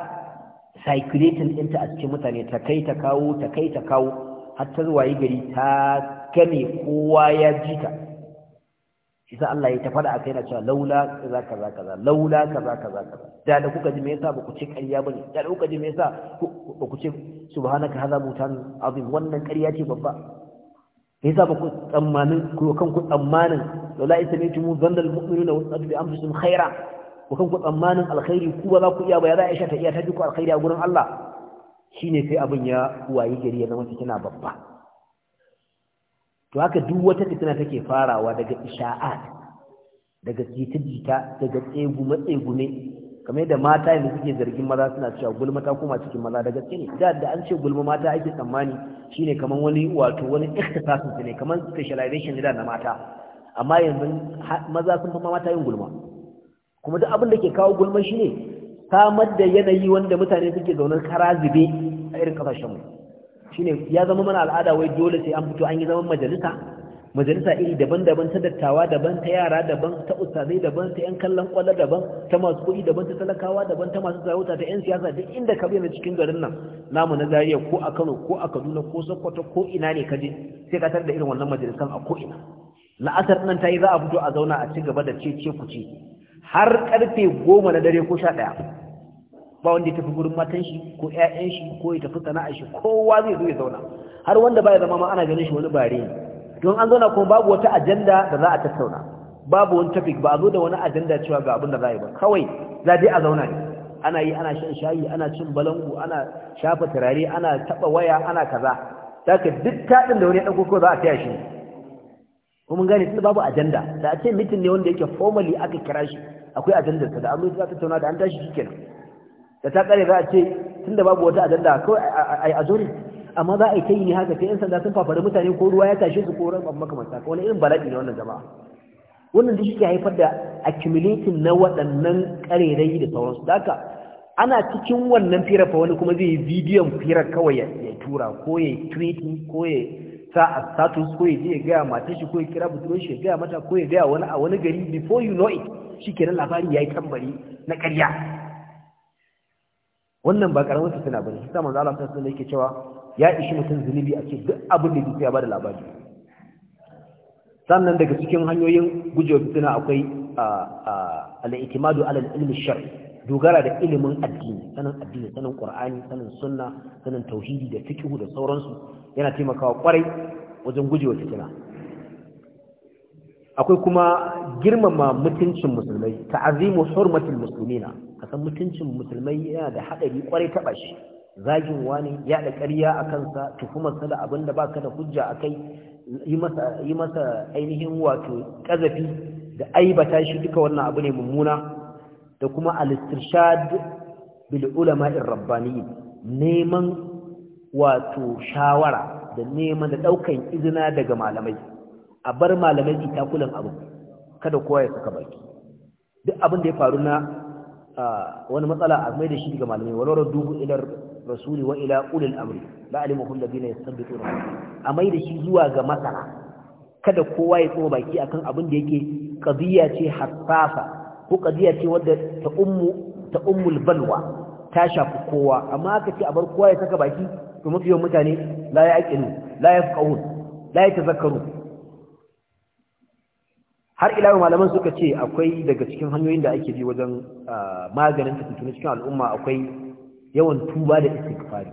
circulating ɗinta a cikin mutane ta kai ta kawo ta kai ta kawo har ta yi gari ta kame kowa ya ji ta isa Allah ya ta faɗa a kai na cewa laula kaza kaza kaza laula kaza kaza kaza da da kuka ji me yasa baku ce ƙarya bane da da kuka ji me yasa baku ce subhanaka hadha mutan azim wannan ƙarya ce babba ne za ba ku tsammanin ku kan ku tsammanin laula isamitu zannal mu'minuna wasadu bi anfusihim khaira ku kan ku tsammanin alkhairi ku ba za ku iya ba ya za Aisha ta iya ta ku alkhairi a gurin Allah shine sai abin ya wayi gari ya zama fitina babba to haka duk wata fitina take farawa daga isha'at daga jita-jita daga tsegume-tsegume kamar da mata yanzu suke zargin maza suna cewa gulma ta koma cikin maza da gaske ne da da an ce gulma mata ake tsammani shine kamar wani wato wani ikhtisasin ne kamar specialization da na mata amma yanzu maza sun fama mata yin gulma kuma duk abin da ke kawo gulma shine samar da yanayi wanda mutane suke zaunar kara zube a irin kasashen mu shine ya zama mana al'ada wai dole sai an fito an yi zaman majalisa majalisa iri daban-daban ta dattawa daban ta yara daban ta ustazai daban ta yan kallon kwallo daban ta masu kuɗi daban ta talakawa daban ta masu sarauta ta yan siyasa duk inda ka bayyana cikin garin nan namu na Zariya ko a Kano ko a Kaduna ko Sokoto ko ina ne kaje sai ka da irin wannan majalisan a ko ina la'asar nan yi za a fito a zauna a ci gaba da cece kuce har karfe goma na dare ko sha ɗaya ba wanda ya tafi gurin matan shi ko ƴaƴan shi ko ya tafi sana'a shi kowa zai zo ya zauna har wanda baya zama ma ana ganin shi wani bare don an zauna kuma babu wata ajanda da za a tattauna babu wani topic ba a zo da wani ajanda cewa ga abin da za a yi ba kawai za a zauna ne ana yi ana shan shayi ana cin balangu ana shafa turare ana taba waya ana kaza daga duk taɗin da wani ɗan koko za a taya shi kuma gane tun babu ajanda da a ce mitin ne wanda yake formally aka kira shi akwai ajandar ajandarsa da an za ta tauna da an tashi shi kenan da ta kare za a ce tun da babu wata ajanda kawai a zo ne amma za a yi ta yi haka sai yan sanda sun fafari mutane ko ruwa ya tashi su ko ran abu makamanta wani irin bala'i ne wannan jama'a wannan duk shi haifar da accumulating na waɗannan ƙarerai da sauransu da haka ana cikin wannan firar fa wani kuma zai yi bidiyon firar kawai ya tura ko ya yi tweet ko ya sa a status ko ya je ya gaya mata shi ko ya kira budurwar shi ya gaya mata ko ya gaya wani a wani gari before you know it shi kenan labari ya yi tambari na ƙarya wannan ba karamin fitina bane sai manzo Allah sallallahu alaihi yake cewa ya ishi mutum zunubi a ce duk abin da yake ya da labari sannan daga cikin hanyoyin gujewa fitina akwai al-i'timadu ala al dogara da ilimin addini sanin addini sanin qur'ani sanin sunna sanin tauhidi da fiqh da sauransu yana taimakawa kwarai wajen gujewa fitina akwai kuma girmama mutuncin musulmai ta'azimu hurmatul muslimina kasan mutuncin musulmai yana da haɗari kwarai ta shi zagin wani ya da ƙarya a kansa tuhumar sa da abin da baka da hujja akai yi masa yi masa ainihin wato ƙazafi. da aibata shi duka wannan abu ne mummuna da kuma al bil ulama'in rabbani neman wato shawara da neman da daukan izina daga malamai a bar malamai itakulan abu kada kowa ya saka baki duk abin da ya faru na wani matsala a mai da shi ga malamai walwar dubu ilar rasuli wa ila ulil amri la alimuhum ladina yastanbituna a mai da shi zuwa ga matsala kada kowa ya tsoma baki akan abin da yake qadiya ce hassafa ko qadiya ce wadda ta ummu ta ummul balwa ta shafi kowa amma aka ce a bar kowa ya saka baki to mafi yawan mutane la ya aqilu la ya faqahun la ya tazakkaru har ila malaman suka ce akwai daga cikin hanyoyin da ake bi wajen ah, maganin fitintunu cikin al'umma akwai yawan tuba da istighfari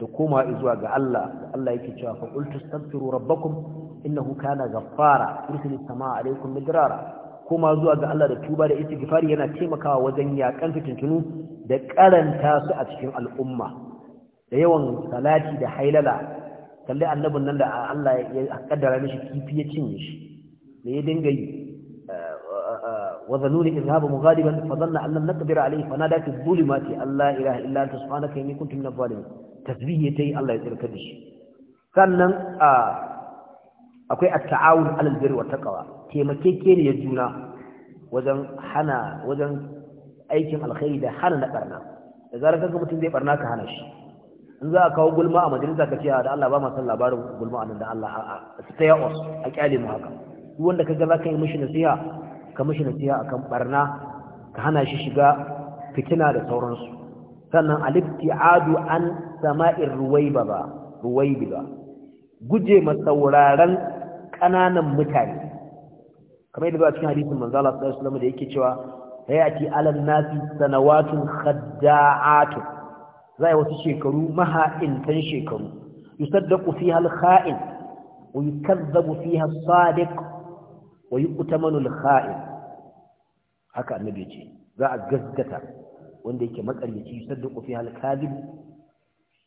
da koma zuwa ga Allah da Allah yake cewa fa qul tastaghfiru rabbakum innahu kana ghaffara yursilu samaa alaykum midrara koma zuwa ga Allah da tuba da istighfari yana taimakawa wajen yakan fitintunu da karanta su a cikin al'umma da yawan salati da hailala kalle annabin nan da Allah ya kaddara mishi kifi ya cinye shi me ya dinga yi wa zanuni izhabu mughadiban fa dhanna an lam naqdir alayhi fa nada fi dhulumati alla ilaha illa anta subhanaka inni kuntu minadh zalimin tasbihi tayi Allah ya tsirka da shi sannan akwai at-ta'awun 'alal birri wat taqwa taimakekeniyar juna wajen hana wajen aikin alkhairi da hana na barna da zarar kaga mutum zai barna ka hana shi in za a kawo gulma a majalisa ka ce da Allah ba ma san labarin gulma a nan da Allah a stay a kyale mu haka duk wanda kaga ka yi mishi nasiha ka mishi nasiha akan ɓarna ka hana shi shiga fitina da sauransu sannan adu an sama'ir ruwaibaba ruwaibiba guje ma sauraron kananan mutane kamar yadda ba cikin hadisin manzo Allah sallallahu alaihi da yake cewa hayati alan nasi sanawatun a zai wasu shekaru maha'intan shekaru yusaddaqu fiha al-kha'in fi فيها Sadiq. wa yu'tamanu al-kha'in haka annabi ce za a gaskata wanda yake makaryaci yusaddaqu fiha al-kadhib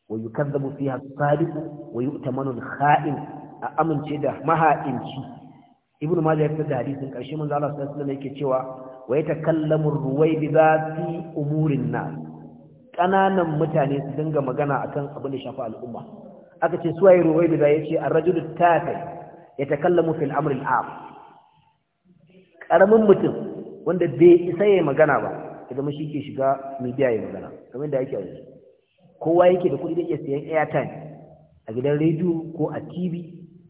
wa yukazzabu fiha as-sadiq wa yu'tamanu al-kha'in a amince da maha'inci ibnu maja ya da hadisin karshe manzo Allah sallallahu alaihi yake cewa wa yatakallamu ar-ruwaybi fi umurin na? Ƙananan mutane su dinga magana akan abin da shafi al'umma aka ce suwaye ruwai da yace ar-rajulu tafi yatakallamu fil amri al karamin mutum wanda bai isa ya magana ba ya zama shi ke shiga media ya magana kamar da ake yanzu kowa yake da kuɗi da iya sayan airtime a gidan rediyo ko a tv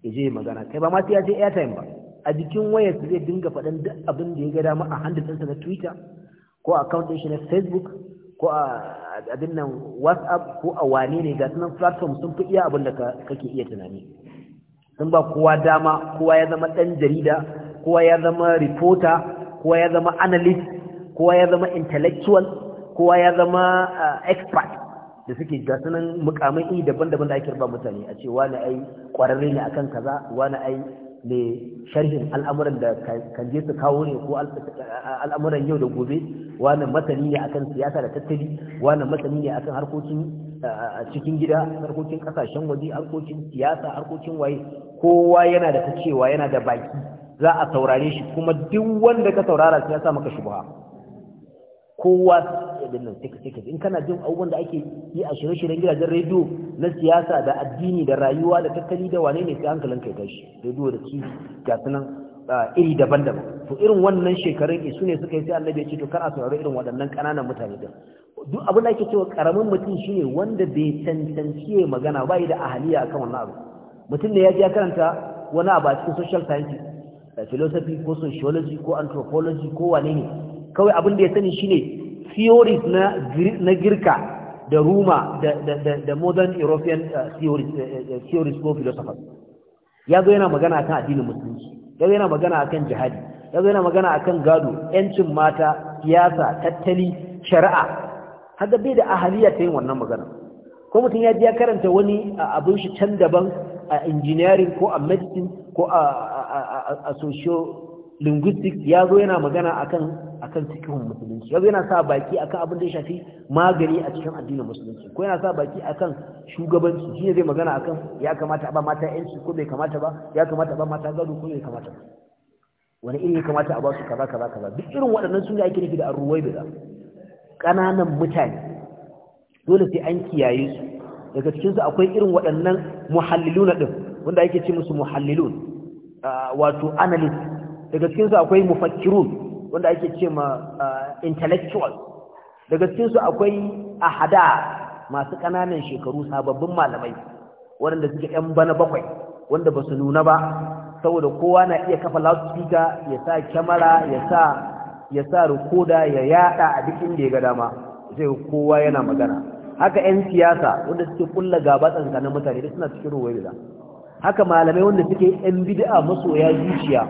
ya je ya magana kai ba ma sai ya je airtime ba a jikin wayarsa zai dinga faɗan duk abin da ya ga dama a handle ɗinsa na twitter ko a account ɗin shi na facebook ko a abin nan whatsapp ko a wane ne ga sunan platform sun fi iya abin da kake iya tunani sun ba kowa dama kowa ya zama ɗan jarida kowa ya zama reporter kowa ya zama analyst kowa ya zama intellectual kowa ya zama eh, expert da suke gasunan mukamai iri daban-daban da ake ba mutane a ce wani ai kwararre ne akan kaza wani ai ne sharhin al'amuran da kan je su kawo ne ko eh, al'amuran yau da gobe wani masani ne akan siyasa da tattali wani masani ne akan harkokin eh, cikin gida harkokin kasashen waje harkokin siyasa harkokin waye kowa yana da ta cewa yana da baki za a saurare shi kuma duk wanda ka saurara sai ya sa maka shubha kowa ya danna take take in kana jin abubuwan da ake yi a shirye-shiryen gidajen rediyo na siyasa da addini da rayuwa da tattali da wane ne sai hankalin kai gashi. rediyo da ci ga sunan ah, iri daban-daban to irin wannan shekarun su ne suka yi sai annabi ya ce to kar a saurari irin waɗannan ƙananan mutane din duk abin da ake cewa karamin mutum shine wanda bai tantance magana ba yi da ahaliya akan wannan abu mutum ne ya je ya karanta wani abu a cikin social sciences philosophy ko sociology ko anthropology ko wane ne kawai abin da ya sani shine theories na na girka da ruma da da da modern european uh, theories uh, uh, theories ko philosophers ya zo yana magana akan addinin musulunci ya yana magana akan jihadi ya yana magana akan gado yancin mata siyasa tattali shari'a haka bai da ahaliya ta yin wannan magana ko mutum ya ji ya karanta wani abin shi can daban a engineering ko a medicine ko a socio linguistics ya zo yana magana akan akan cikin musulunci ya zo yana sa baki akan abin da ya shafi magani a cikin addinin musulunci ko yana sa baki akan shugabanci shi ne zai magana akan ya kamata a ba mata yanci ko bai kamata ba ya kamata a ba mata gado ko bai kamata ba wani iri kamata a ba su kaza kaza kaza duk irin waɗannan sun ake nufi da arruwai da ƙananan mutane dole sai an kiyaye su daga cikinsu akwai irin waɗannan na ɗin wanda ake ce musu muhallilun wato analyst daga cikin su akwai mufakkirun wanda ake ce ma intellectual daga cikin su akwai ahada masu kananan shekaru sababbin malamai waɗanda suke ɗan bana bakwai wanda ba su nuna ba saboda kowa na iya kafa loudspeaker ya sa kyamara ya sa ya sa rikoda ya yada a duk inda ya ga dama sai kowa yana magana haka 'yan siyasa wanda suke kulla gaba tsakanin mutane da suna cikin ruwa haka malamai wanda suke yan bid'a masoya zuciya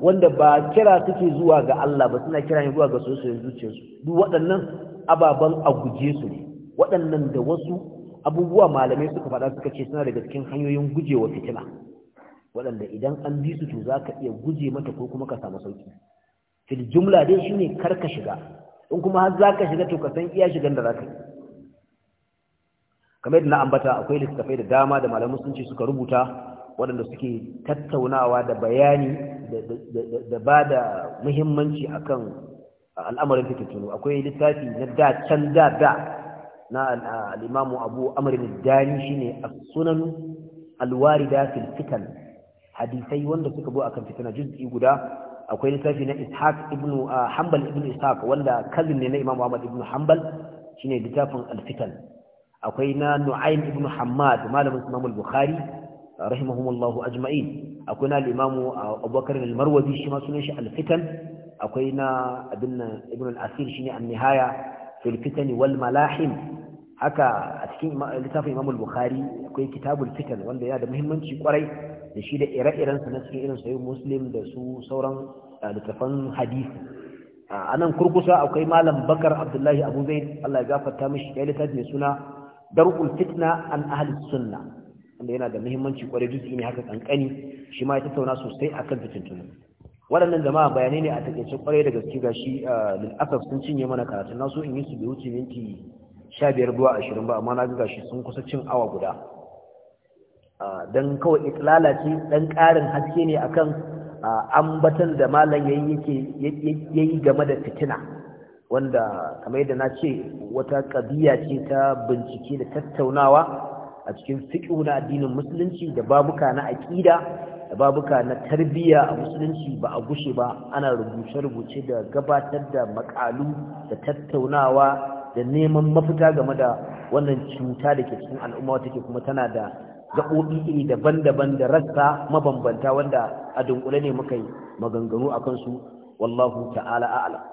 wanda ba kira suke zuwa ga Allah ba suna kira zuwa ga soyayyar zuciyarsu duk waɗannan ababan a guje su ne waɗannan da wasu abubuwa malamai suka faɗa suka ce suna daga cikin hanyoyin gujewa fitina waɗanda idan an bi su to za ka iya guje mata ko kuma ka samu sauki fil jumla dai shine kar ka shiga in kuma har za ka shiga to ka san iya shigan da za ka yi kamar yadda na ambata akwai littattafai da dama da malamai sun ce suka rubuta waɗanda suke tattaunawa da bayani da ba da muhimmanci akan al'amarin fitattunu akwai littafi na da can da da na al'imamu abu amurin dani shine a sunan alwarida fil fitan hadisai wanda suka bo akan fitina juz'i guda akwai littafi na ishaq Ibn, hanbal Ibn ishaq wanda kazin ne na imamu ahmad ibnu hanbal ne littafin alfitan. akwai na nu'aym ibnu hammad malamin imam bukhari rahimahumullahu ajma'in akwai na limamu abubakar al-marwazi shi ma sunan shi al-fitan akwai na abin ibn al-asir shine an-nihaya fil fitan wal malahim haka a cikin littafin imam al-bukhari akwai kitabul fitan wanda yana da muhimmanci kwarai da shi da ire-iren sa na cikin irin sahih muslim da su sauran ah, littafan hadisi a nan kurkusa akwai malam bakar abdullahi abu zaid Allah ya gafarta mishi ya littafi mai suna darul fitna an ahli sunna wanda yana da muhimmanci kwarai duk ne haka kankani shi ma ya tattauna sosai akan fitintunu waɗannan jama'a bayanai ne a takaice kwarai da gaske ga shi ah, lil'afaf sun cinye mana karatun nasu in yi su bai wuce minti sha biyar zuwa ashirin ba amma na ga gashi sun kusa cin awa guda ah, don kawai ikilala ce ɗan ƙarin haske ne akan ah, ambatan da malam ya yi game da fitina wanda kamar yadda na ce wata ƙabiya ce ta bincike da tattaunawa a cikin fiƙi na addinin musulunci da babuka na aƙida da babuka na tarbiyya a musulunci ba a gushe ba ana rubuce-rubuce da gabatar da makalu da tattaunawa da neman mafita game da wannan cuta da ke cikin al'umma ke kuma tana da gaɓoɓi iri daban-daban da rassa mabambanta wanda a dunkule ne muka yi maganganu a kansu wallahu ta'ala ala.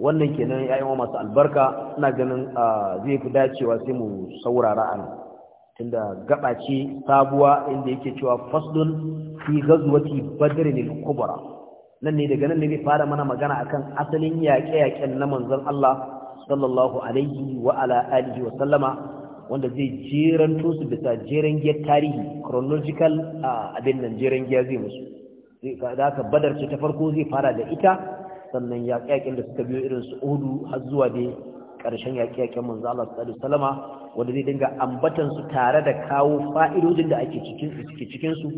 wannan kenan ya yawa masu albarka ina ganin zai fi dacewa sai mu saurara a nan tunda gaba ce sabuwa inda yake cewa faslun fi gazuwati badrin al-kubra nan ne daga nan ne zai fara mana magana akan asalin yaƙe-yaƙen na manzon Allah sallallahu alaihi wa ala alihi wa sallama wanda zai jeranto su bisa jeran giyar tarihi chronological abin nan jeren giya zai musu da aka badar ce ta farko zai fara da ita sannan yaƙe-yaƙen da suka biyo irin su hudu har zuwa dai ƙarshen yaƙe-yaƙen manzo Allah sallallahu alaihi wasallama wanda zai dinga ambatan su tare da kawo fa'idodin da ake cikin su cikin cikin su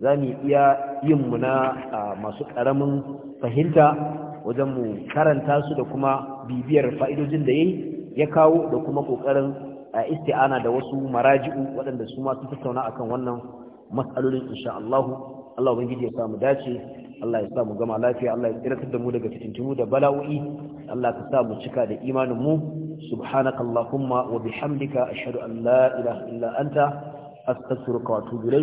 zamu iya yin mu na masu ƙaramin fahimta wajen mu karanta su da kuma bibiyar fa'idodin da yayi ya kawo da kuma kokarin isti'ana da wasu maraji'u waɗanda su ma sun tattauna akan wannan mas'alolin insha Allah Allah ubangiji ya samu dace Allah ya sa mu gama lafiya Allah ya tsiratar da mu daga fitintunu da bala'o'i Allah ka sa mu cika da imanin mu subhanakallahumma wa bihamdika ashhadu an la ilaha illa anta astaghfiruka wa atubu